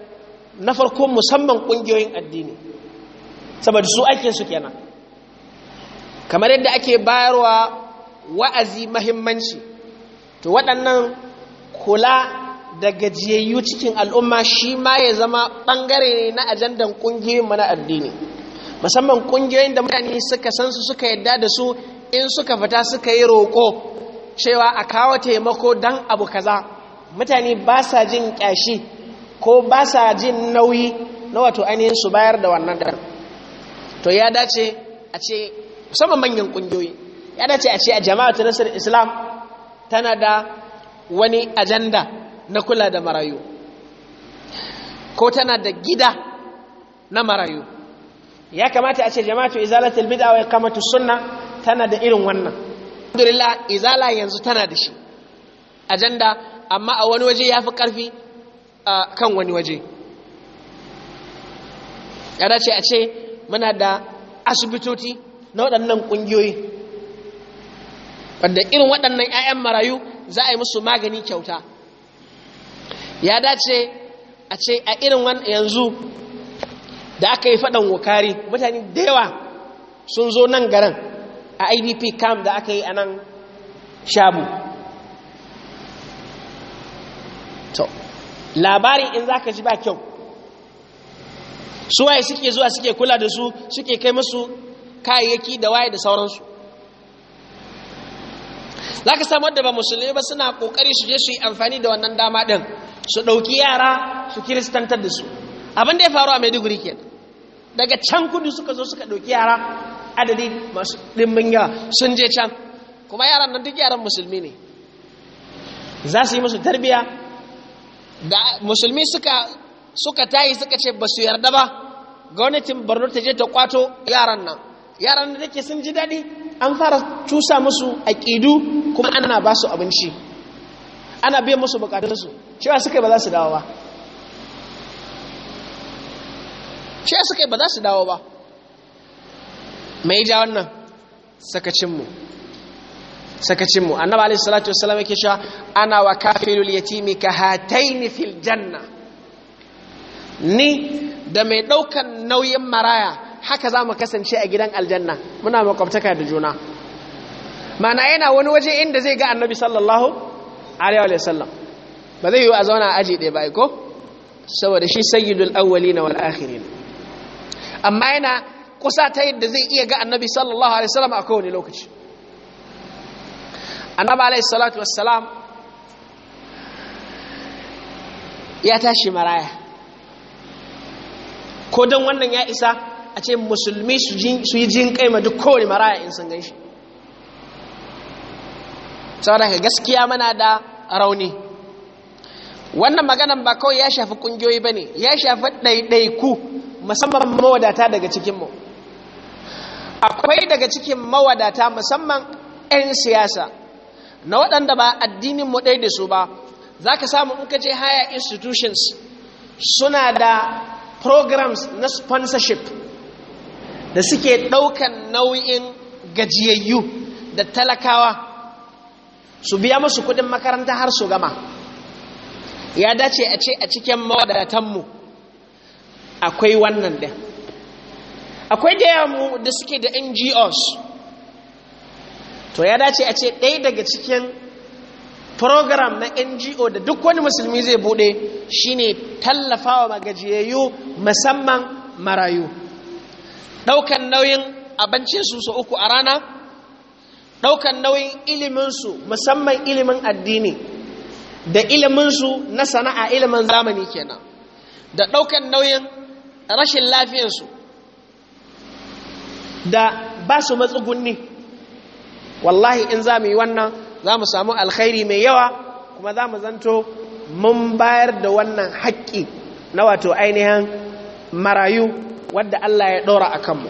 na farko musamman ƙungiyoyin addini saboda su ake su kenan kamar yadda ake bayarwa wa'azi mahimmanci to waɗannan kula da gajiyayyu cikin al'umma shi ma ya zama ɓangare na ajandan ƙungiyoyin mana addini musamman ƙungiyoyin da mutane suka san su suka yadda da su in suka fita suka yi roƙo cewa a kawo taimako don abu kaza mutane ba sa jin ƙyashi ko ba sa jin nauyi na wato ainihin su bayar da wannan dar to ya dace a ce musamman manyan kungiyoyi ya dace a ce a jama'a ta nasar islam tana da wani ajanda na kula da marayu ko tana da gida na marayu ya kamata a ce jama'a ta izalatul bid'a wa iqamatu sunna tana da irin wannan alhamdulillah izala yanzu tana da shi ajanda amma a wani waje ya fi karfi a kan wani waje ya dace a ce muna da asibitoci na waɗannan ƙungiyoyi wanda irin waɗannan 'ya'yan marayu za a yi musu magani kyauta ya dace a ce a irin wani yanzu da aka yi faɗan wukari mutane da yawa sun zo nan garin a idp camp da aka yi a nan shabu labarin in zaka ji ba kyau suwaye suke zuwa suke kula da su suke kai musu kayayyaki da waye da sauransu zaka samu da ba musulmi ba suna kokari su je su yi amfani da wannan dama din su dauki yara su kiristantar da su abin da ya faru a Maiduguri kenan daga can kudu suka zo suka dauki yara adadi masu dimbin yawa sun je can kuma yaran nan duk yaran musulmi ne za su yi musu tarbiyya da musulmi suka suka tayi suka ce ba su yarda ba gwamnatin borno ta je ta kwato yaran nan yaran da take sun ji daɗi an fara cusa musu aƙidu kuma ana ba su abinci ana biyan musu bukatunsu su. ba suka ba za su dawo ba cewa suka ba za su dawo ba mai ja wannan saka mu. sakacin mu annabi salatu wassalam yake cewa ana wa kafilul yatimi ka hataini fil janna ni da mai daukan nauyin maraya haka za mu kasance a gidan aljanna muna makwabtaka da juna mana yana wani waje inda zai ga annabi sallallahu alaihi sallam. ba zai yi a zauna aji ɗaya ba ko saboda shi sayyidul awwalina wal akhirin amma yana kusa ta yadda zai iya ga annabi sallallahu alaihi sallam a kowane lokaci annabi alayhi salatu wassalam ya tashi maraya ko don wannan ya isa a ce musulmi su yi jin kai ma duk kowane maraya in sun ganshi saboda ka gaskiya mana da rauni wannan maganan ba kawai ya shafi kungiyoyi ba ne ya shafi ɗaiɗaiku musamman mawadata daga cikinmu akwai daga cikin mawadata musamman 'yan siyasa na waɗanda ba addinin mu ɗai da su ba za ka samu in ka je haya institutions suna da programs na sponsorship da suke ɗaukan nau'in gajiyayyu da talakawa su biya musu kuɗin makaranta har su gama ya dace a ce a cikin mawadatanmu akwai wannan ɗin akwai da yamu da suke da ngos to ya dace a ce ɗaya daga cikin program na ngo da duk wani musulmi zai buɗe shine tallafawa magajiyayyu musamman marayu ɗaukan nauyin abincinsu su uku a rana ɗaukan nauyin iliminsu musamman ilimin addini da iliminsu na sana'a ilimin zamani kenan da ɗaukan nauyin rashin lafiyarsu da ba su matsugunni wallahi in za mu yi wannan za mu samu alkhairi mai yawa kuma za mu zanto mun bayar da wannan haƙƙi na wato ainihin marayu wadda Allah ya ɗora a kanmu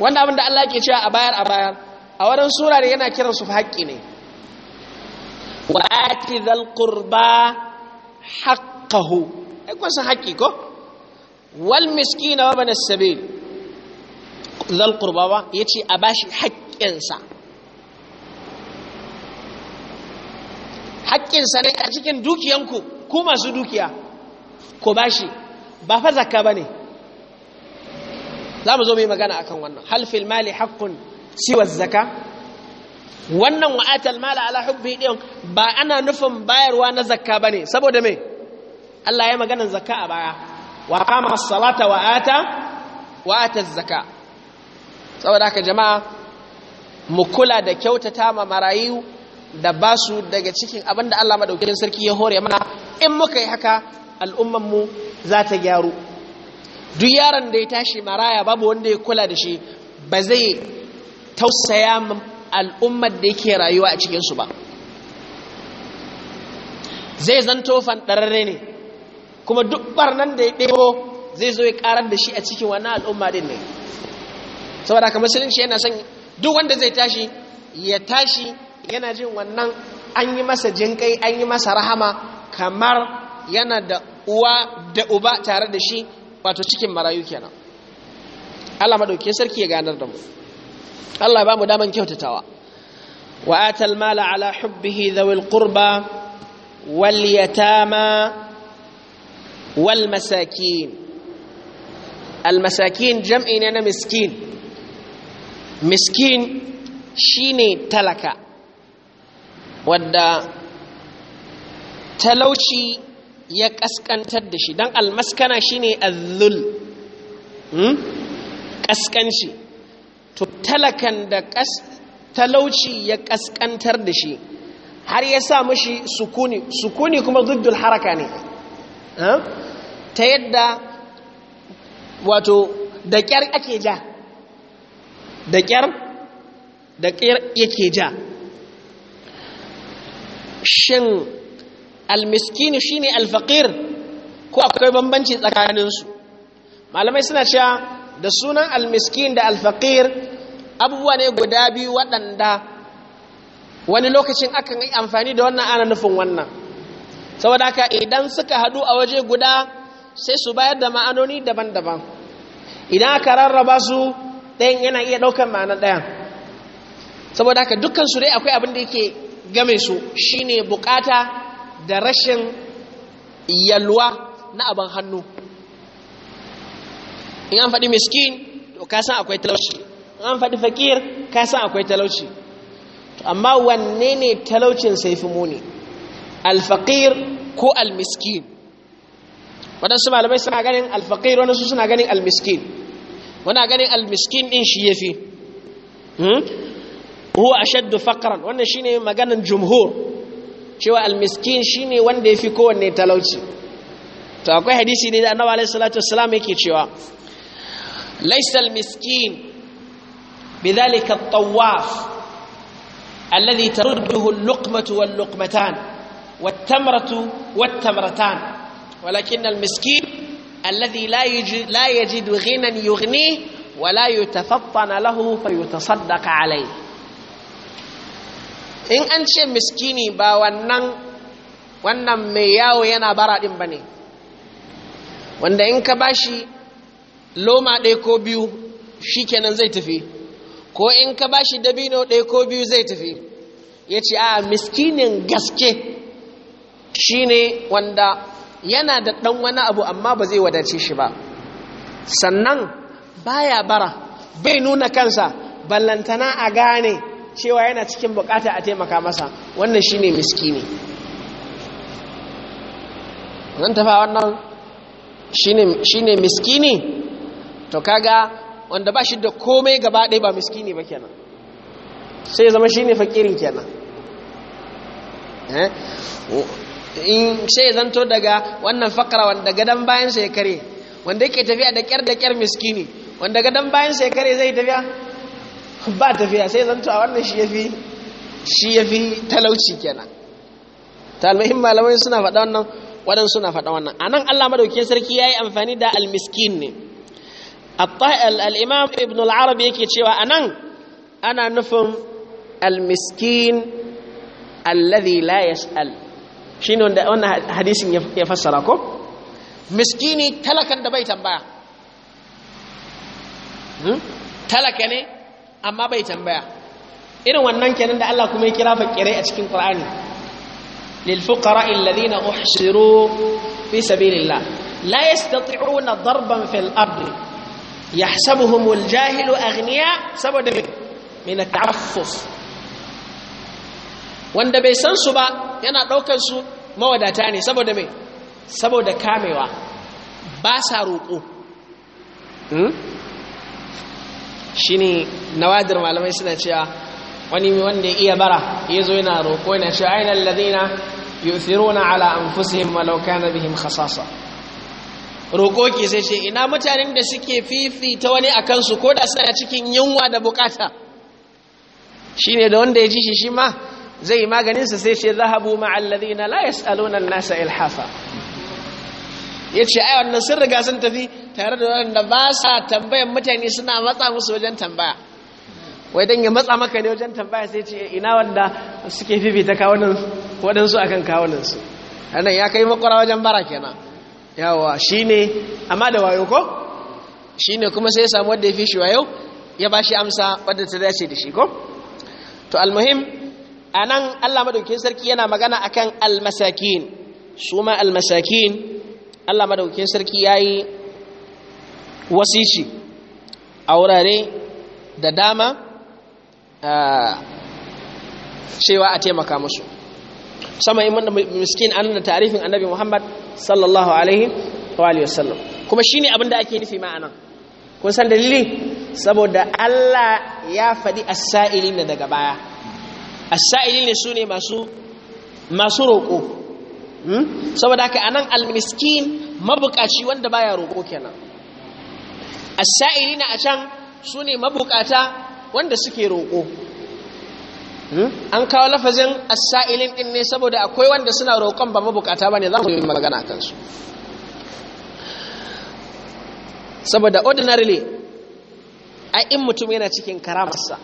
wanda abin da Allah ke cewa a bayar a bayar a wurin sura da yana kiransu haƙƙi ne wa ati zal qurba haqqahu ai kun san haƙƙi ko wal miskina wa ibn as-sabil zal qurba yace a bashi haƙƙinsa haƙƙinsa ne a cikin dukiyanku ku masu dukiya ko bashi ba fa zakka ba ne za mu zo mai magana akan wannan halfil mali haƙƙun siwas zaka wannan wa'atal mala ala hubbi din ba ana nufin bayarwa na zakka bane saboda me Allah ya yi maganan zakka a baya wa kama salata wa ata wa ata saboda haka jama'a mu kula da kyautata ma marayu da ba su daga cikin abin da Allah maɗaukacin sarki ya hore mana in muka yi haka al'ummanmu za ta gyaru duk yaron da ya tashi maraya babu wanda ya kula da shi ba zai tausaya al'ummar da yake rayuwa a cikinsu ba zai zanto fanɗararre ne kuma duk barnan da ya ɗebo zai zo ya ƙarar da shi a cikin wannan al'umma din ne saboda kamar musulunci yana son duk wanda zai tashi ya tashi yana jin wannan an yi masa jinkai an yi masa rahama kamar yana da uwa da uba tare da shi wato cikin marayu kenan Allah madauke sarki ya ganar da mu Allah ba mu daman kyautatawa wa atal mala ala hubbihi dhawil qurba wal yatama wal masakin al masakin jam'i ne na miskin miskin shine talaka wadda talauci ya kaskantar da shi don almaskana shine azzul hmm? kaskanci to talakan da talauci ya kaskantar da shi har ya sa mashi sukuni sukuni kuma zuddul haraka ne ta yadda wato da ƙyar ake ja da ƙyar da yake ja shin shi shine alfaqir ko akwai bambanci tsakaninsu malamai suna cewa da sunan almiskin da alfaqir abubuwa ne guda biyu waɗanda wani lokacin aka yi amfani da wannan ana nufin wannan saboda haka idan suka haɗu a waje guda sai su bayar da ma'anoni daban-daban idan aka rarraba su ɗayan yana iya ɗaukar ma'anar ɗayan saboda haka dukkan su dai akwai abin da yake game su shine bukata da rashin yalwa na abin hannu in an faɗi miskin to ka akwai talauci in an faɗi fakir ka akwai talauci amma wanne ne talaucin saifi muni alfaƙir ko almiskin waɗansu malamai suna ganin alfaƙir waɗansu suna ganin almiskin wana ganin almiskin ɗin shi ya fi hmm? هو أشد فقرا وانا شيني مغانا الجمهور شو المسكين شيني وان دي في كون نتلوشي تاكو حديثي دي أنه عليه الصلاة والسلام يكي شو ليس المسكين بذلك الطواف الذي ترده اللقمة واللقمتان والتمرة والتمرتان ولكن المسكين الذي لا يجد, لا يجد غنى يغنيه ولا يتفطن له فيتصدق عليه in an ce miskini ba wannan wannan mai yawo yana bara ɗin ba ne wanda in ka ba shi loma ɗaya ko biyu shi kenan zai tafi ko in ka ba shi dabino ɗaya ko biyu zai tafi ya ce a miskinin gaske shi ne wanda yana da ɗan wani abu amma ba zai wadace shi ba sannan baya bara bai nuna kansa ballantana a gane cewa yana cikin bukata a taimaka masa wannan shine miskini zan tafa wannan shine miskini to kaga wanda ba shi da komai gaba ɗaya ba miskini ba kenan sai zama shine fakirin kenan eh? in sai zanto daga wannan fakara wanda gadon bayan sai kare wanda yake tafiya da kyar da kyar miskini wanda gadon bayan sai kare zai tafiya ba tafiya sai zanto a wannan shi ya fi talauci kenan ta almuhim malamai suna faɗa wannan waɗansu suna faɗa wannan A nan Allah madaukakin sarki ya yi amfani da almiskin ne al-imam ibn al-arabi yake cewa a nan ana nufin almiskin alladhi la yas'al shine wanda wannan hadisin ya fassara ko miskini talakan da bai tambaya hmm? talaka ne amma bai tambaya irin wannan kenan da Allah kuma ya kira fakirai a cikin Qur'ani lil fuqara alladhina uhsiru fi sabilillah la yastati'una darban fil ard yahsabuhumul jahilu aghniya saboda min at wanda bai san su ba yana daukar su mawadata ne saboda me saboda kamewa ba sa roƙo hmm? shine nawadir malamai suna cewa wani wanda iya bara ya zo yana roƙo yana shi aina alladhina yuthiruna ala anfusihim walau na bihim khasasa roƙo ke sai ce ina mutanen da suke fifita wani a kansu ko da suna cikin yunwa da bukata ne da wanda ya ji shi shi ma zai yi maganinsa sai ce zahabu ma'alladhina la yas'aluna an-nasa ilhafa yace ai wannan sun riga sun tafi tare da wanda ba sa tambayan mutane suna matsa musu wajen tambaya wai don ya matsa maka ne wajen tambaya sai ce ina wanda suke fifita waɗansu akan kawuninsu hannun ya kai makwara wajen bara kenan yawa shi ne amma da wayo ko shi ne kuma sai ya samu wadda ya fi shi wayo ya ba shi amsa wadda ta dace da shi ko to almuhim a nan allah madaukin sarki yana magana akan almasakin su ma almasakin allah madaukin sarki ya yi wasishi a wurare da dama cewa a taimaka musu sama yi da miskin an da tarifin annabi muhammad sallallahu alaihi wa sallam kuma shi ne abinda ake nufi ma'anan kun san dalili saboda allah ya faɗi asa'ili ne daga baya asa'ili ne su ne masu roƙo hmm? saboda ka anan almiskin mabukaci wanda baya roƙo kenan as na a can su ne mabukata wanda suke roƙo hmm? an kawo lafazin as ɗin ne saboda akwai wanda suna roƙon ba mabukata ba ne za mu yi magana kansu saboda ordinarily a in mutum yana cikin karamarsa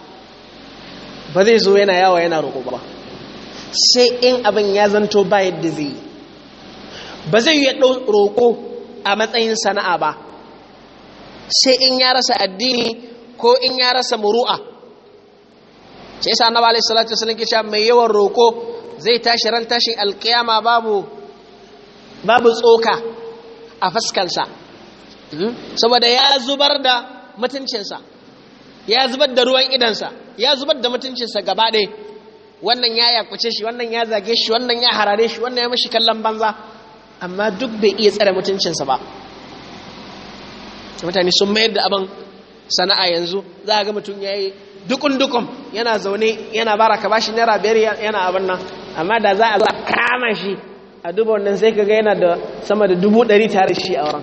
ba zai zo yana yawa yana roƙo ba sai in abin ya zanto ba yadda zai yi ba zai yi roƙo a matsayin sana'a ba sai in ya rasa addini ko in ya rasa muru'a shi yasa annabi alaihi salatu wasallam ke cewa mai yawan roko zai tashi ran tashin alkiyama babu babu tsoka a sa hmm? saboda ya zubar da mutuncinsa ya zubar da ruwan sa ya zubar da mutuncinsa gaba ɗaya wannan ya yakuce shi wannan ya zage shi wannan ya harare shi wannan ya mishi kallon banza amma duk bai iya tsare mutuncinsa ba mutane sun mayar da abin sana'a yanzu za ga mutum ya yi dukun-dukun yana zaune yana bara ka bashi naira biyar yana abin nan amma da za a zo a kama shi a duba wannan sai ka ga yana da sama da dubu ɗari tare shi a wurin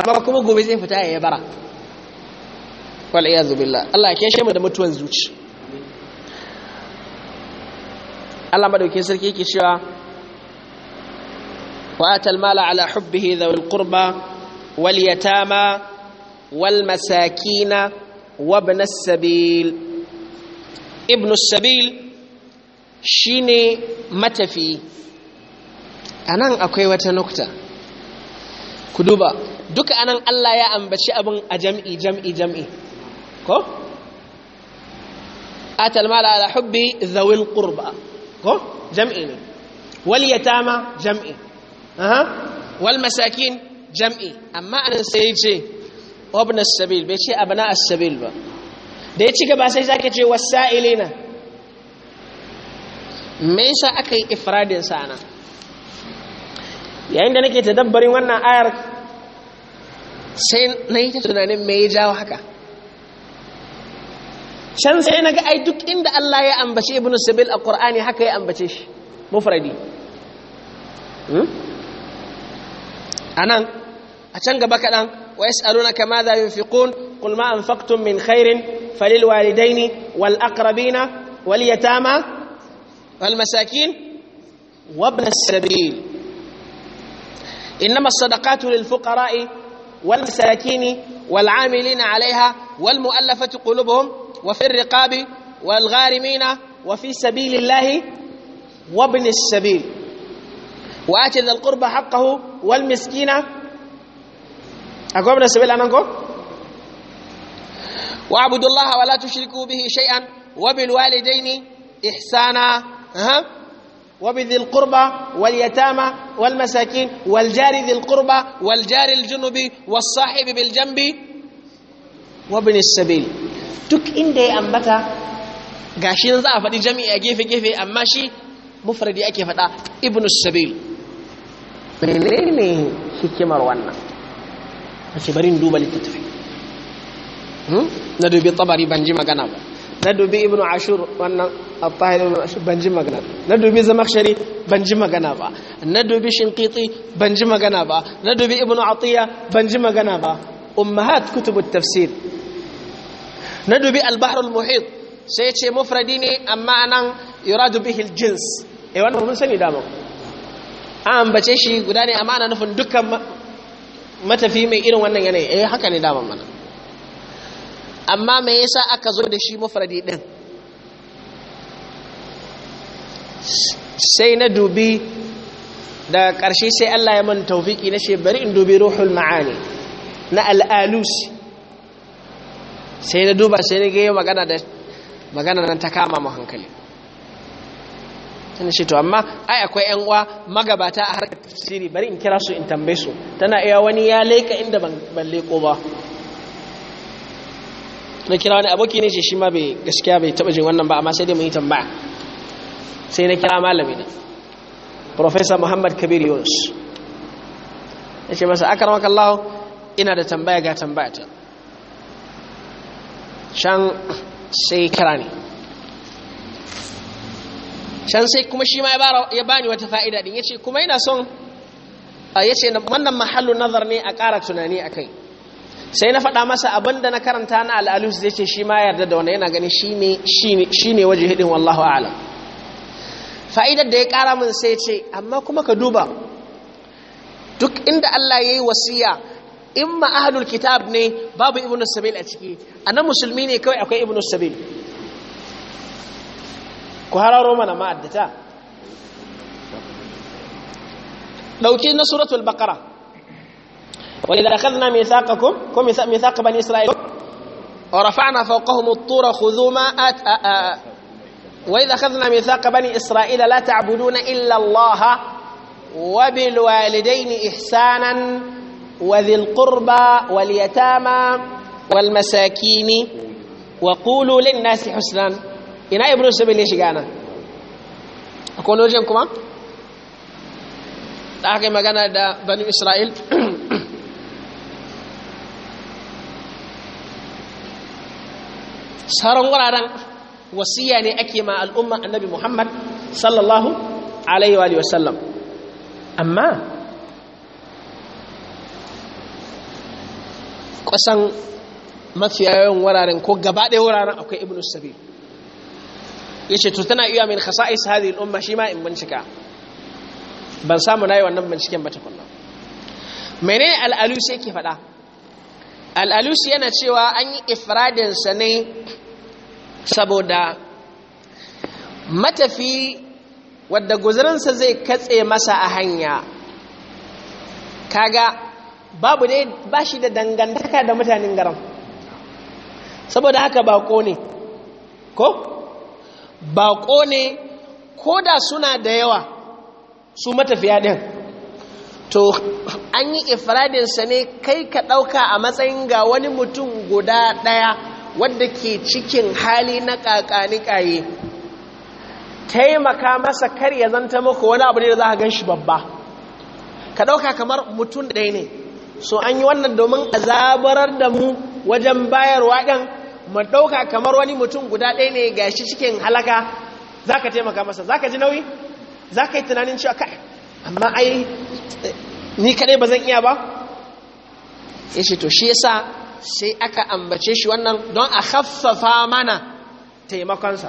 amma kuma gobe zai fita ya yi bara wal iya zubilla Allah ya kyashe mu da mutuwan zuci Allah madaukin sarki yake cewa wa atal mala ala hubbihi dhawil qurba wal yatama wal masakina wa ibn sabil ibn as-sabil shine matafi anan akwai wata nukta ku duba duka anan Allah ya ambaci abin a jam'i jam'i jam'i ko atal mala ala hubbi zawil qurba ko jam'i ne wal jam'i wal masakin jam'i amma anan sai ce obin sabil bai ce abana a sabil ba da ya ci gaba sai ka ce ilina me yasa aka yi ifradin sana, yayin da nake dabbarin wannan ayar sai na yi ta tunanin me ya jawo haka can sai na ga ai duk inda Allah ya ambace ibn sabil a ƙor'ani haka ya ambace shi mufradi hmm? anan a can ويسألونك ماذا ينفقون قل ما أنفقتم من خير فللوالدين والأقربين واليتامى والمساكين وابن السبيل إنما الصدقات للفقراء والمساكين والعاملين عليها والمؤلفة قلوبهم وفي الرقاب والغارمين وفي سبيل الله وابن السبيل وآت ذا القربى حقه والمسكين agomna sebel anan ko واعبدوا الله ولا تشركوا به شيئا وبالوالدين إحسانا ها وبذي القربى واليتامى والمساكين والجار ذي القربى والجار الجنب والصاحب بالجنب وابن السبيل تك اندي ya ambata gashi nan za جيفي جيفي jami'i a مفردي gefe amma shi mufradi ake faɗa ibn menene hikimar wannan a ce bari in duba littattafai na dubi tabari ban ji magana ba na dubi ibn ashur wannan abahir ibn ashur ban ji magana na dubi zamakshari ban ji magana ba na dubi shinkiti ban ji magana ba na dubi ibn atiya ban ji magana ba ummahat kutubu tafsir na dubi al-bahr al-muhit sai ce mufradi ne amma anan yuradu bihi al-jins eh wannan mun sani dama an ambace shi guda ne amma ana nufin dukkan matafi mai irin wannan yanayi eh haka ne dama mana amma me yasa aka zo da shi mufradi din sai na dubi da ƙarshe sai Allah ya man taufiki na shi bari in dubi ruhul ma'ani na al'alusi sai na duba sai na ga magana da magana nan ta kama mu hankali tana ce to amma ai akwai yan uwa magabata a harkar tafsiri bari in kira su in tambaye su tana iya eh, wani ya leka inda ban leko ba na kira wani aboki ne ce shi ma bai gaskiya bai taba jin wannan ba amma sai dai mun yi tambaya sai na kira malami na professor muhammad kabir yunus ya ce masa akaramaka allah ina da tambaya ga tambaya ta shan sai kira ne can sai kuma shi ma ya bani wata fa'ida Ya ce kuma yana son Ya ce wannan mahallu nazar ne a ƙara tunani a kai. sai na faɗa masa abin da na karanta na al'alus zai ce shi ma yarda da wani yana gani shi ne waje hidin wallahu a'lam fa'idar da ya ƙara min sai ce amma kuma ka duba duk inda Allah ya yi wasiya in ma kitab ne babu Ibn sabil a ciki a nan musulmi ne kawai akwai Ibn sabil ku hararo mana ma'addata dauki na suratul baqara wa idza akhadna mithaqakum kum mithaq bani isra'il wa rafa'na fawqahum at-tura khudhu ma at wa idza akhadna mithaq bani isra'il la ta'buduna illa Allah wa bil walidayni ihsanan وذي القربى واليتامى والمساكين وقولوا للناس حسنا ina ibn sabil ya shiga nan akwai wajen kuma da aka yi magana da banu isra'il sauran wuraren wasiya ne ake ma al'umma annabi muhammad sallallahu alaihi wa sallam amma kusan mafiya yawan wuraren ko gaba ɗaya wuraren akwai ibn sabil yace to tana iya min khasa'is hadhihi al-umma shi ma in bincika ban samu nayi wannan binciken ba tukunna menene al-alusi yake faɗa al-alusi yana cewa an yi ifradin sa ne saboda matafi wadda sa zai katse masa a hanya kaga babu dai ba shi da dangantaka da mutanen garin saboda haka bako ne ko baƙo ne ko da suna da yawa su matafiya ɗin to an yi ifradinsa ne kai ka ɗauka a matsayin ga wani mutum guda ɗaya wadda ke cikin hali na ƙaƙanikaye taimaka masa karya ya zanta muku wani abu ne da za a gan shi babba ka ɗauka kamar mutum ɗaya ne so an yi wannan domin a zabarar da mu wajen bayarwa ɗin mu ɗauka kamar wani mutum guda ɗaya ne ga shi cikin halaka za ka taimaka masa za ka ji nauyi za ka yi tunanin cewa kai amma ai ni kaɗai ba zan iya ba ya ce to shi yasa sai aka ambace shi wannan don a haffafa mana taimakonsa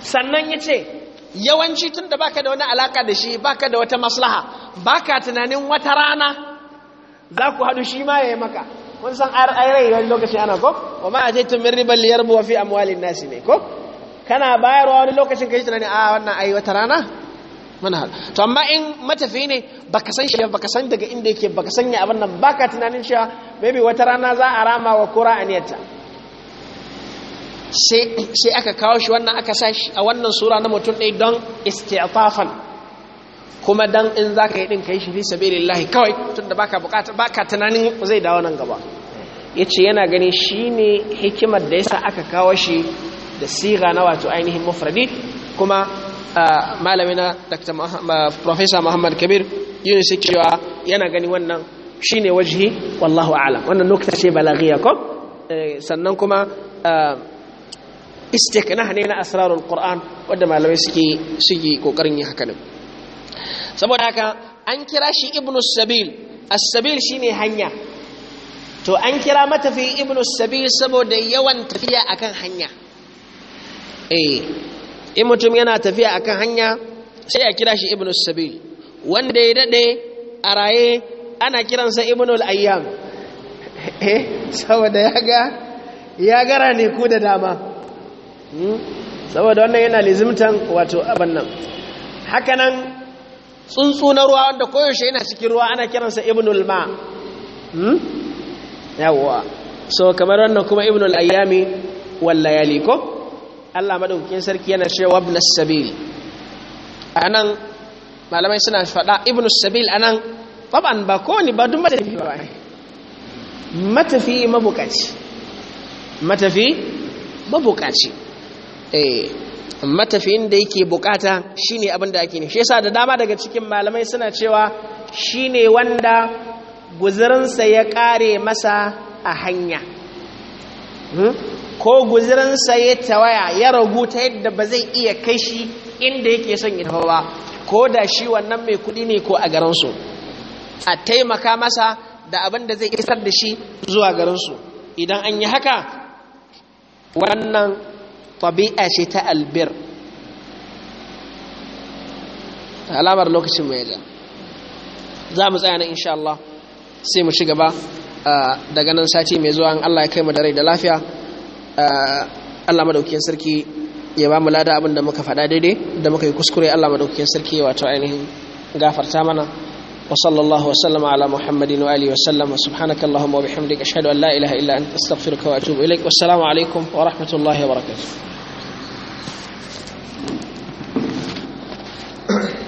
sannan ya ce yawanci tun da baka da wani alaka da shi baka da wata maslaha baka tunanin wata rana za ku haɗu shi ma ya yi maka kun san rai wani lokaci ana ko wa ma ajaitum min riban liyarbu wa fi amwalin nasi ne ko kana bayarwa wani lokacin kai tunani a ah, wannan ayi wata rana mana to amma in matafi ne baka san shi baka san daga inda yake baka san ya abin nan baka tunanin cewa maybe wata rana za a rama wa kura aniyarta sai aka kawo shi wannan aka sa a wannan sura na mutum ɗaya don isti'tafan kuma dan in za ka yi ɗin ka yi shi kawai tun da baka bukata baka tunanin zai dawo nan gaba ya ce yana gani shi ne hikimar da yasa aka kawo shi da siga na wato ainihin mufradi kuma malamina dr professor muhammad kabir yunus cewa yana gani wannan shi ne wajihi wallahu alam wannan nukta ce balagiya ko eh, sannan kuma istikna ne na asrarul qur'an wadda malamai suke suke kokarin yin haka ne saboda haka an kira shi ibnu sabil as-sabil shine hanya to an kira matafi ibnu sabil saboda yawan tafiya akan hanya eh in mutum yana tafiya akan hanya sai a kira shi ibnu sabil wanda ya dade a raye ana kiransa ibnu al-ayyam eh saboda ga ya gara ne ku da dama hmm? saboda wannan yana lizimtan wato abin nan hakanan tsuntsu na ruwa wanda koyaushe yana cikin ruwa ana kiransa ibnul ma hmm? yawwa so kamar wannan kuma ibnul ayyami wal layali ko Allah madaukakin sarki yana cewa ibn as-sabil anan malamai suna faɗa ibn as-sabil anan faban ba ko ni ba duk matafi ba matafi mabukaci matafi mabukaci eh matafiyin da yake bukata shine abin da ake ne shi yasa da dama daga cikin malamai suna cewa shine wanda guzurinsa ya kare masa a hanya hmm? ko guzurinsa ya tawaya ya ragu ta yadda ba zai iya kai shi inda yake son ya ba ko da shi wannan mai kudi ne ko a garinsu a taimaka masa da abin da zai isar da shi zuwa garinsu idan an yi haka wannan tabi'a ce ta albir alamar lokacin mai ja za mu tsaya na insha Allah sai mu ci gaba daga nan sati mai zuwa Allah ya kai mu da rai da lafiya Allah madaukakin sarki ya ba mu lada abin da muka faɗa daidai da muka yi kuskure Allah madaukakin sarki wato ainihin gafarta mana وصلى الله وسلم على محمد وآله وسلم وسبحانك اللهم وبحمدك أشهد أن لا إله إلا أنت أستغفرك وأتوب إليك والسلام عليكم ورحمة الله وبركاته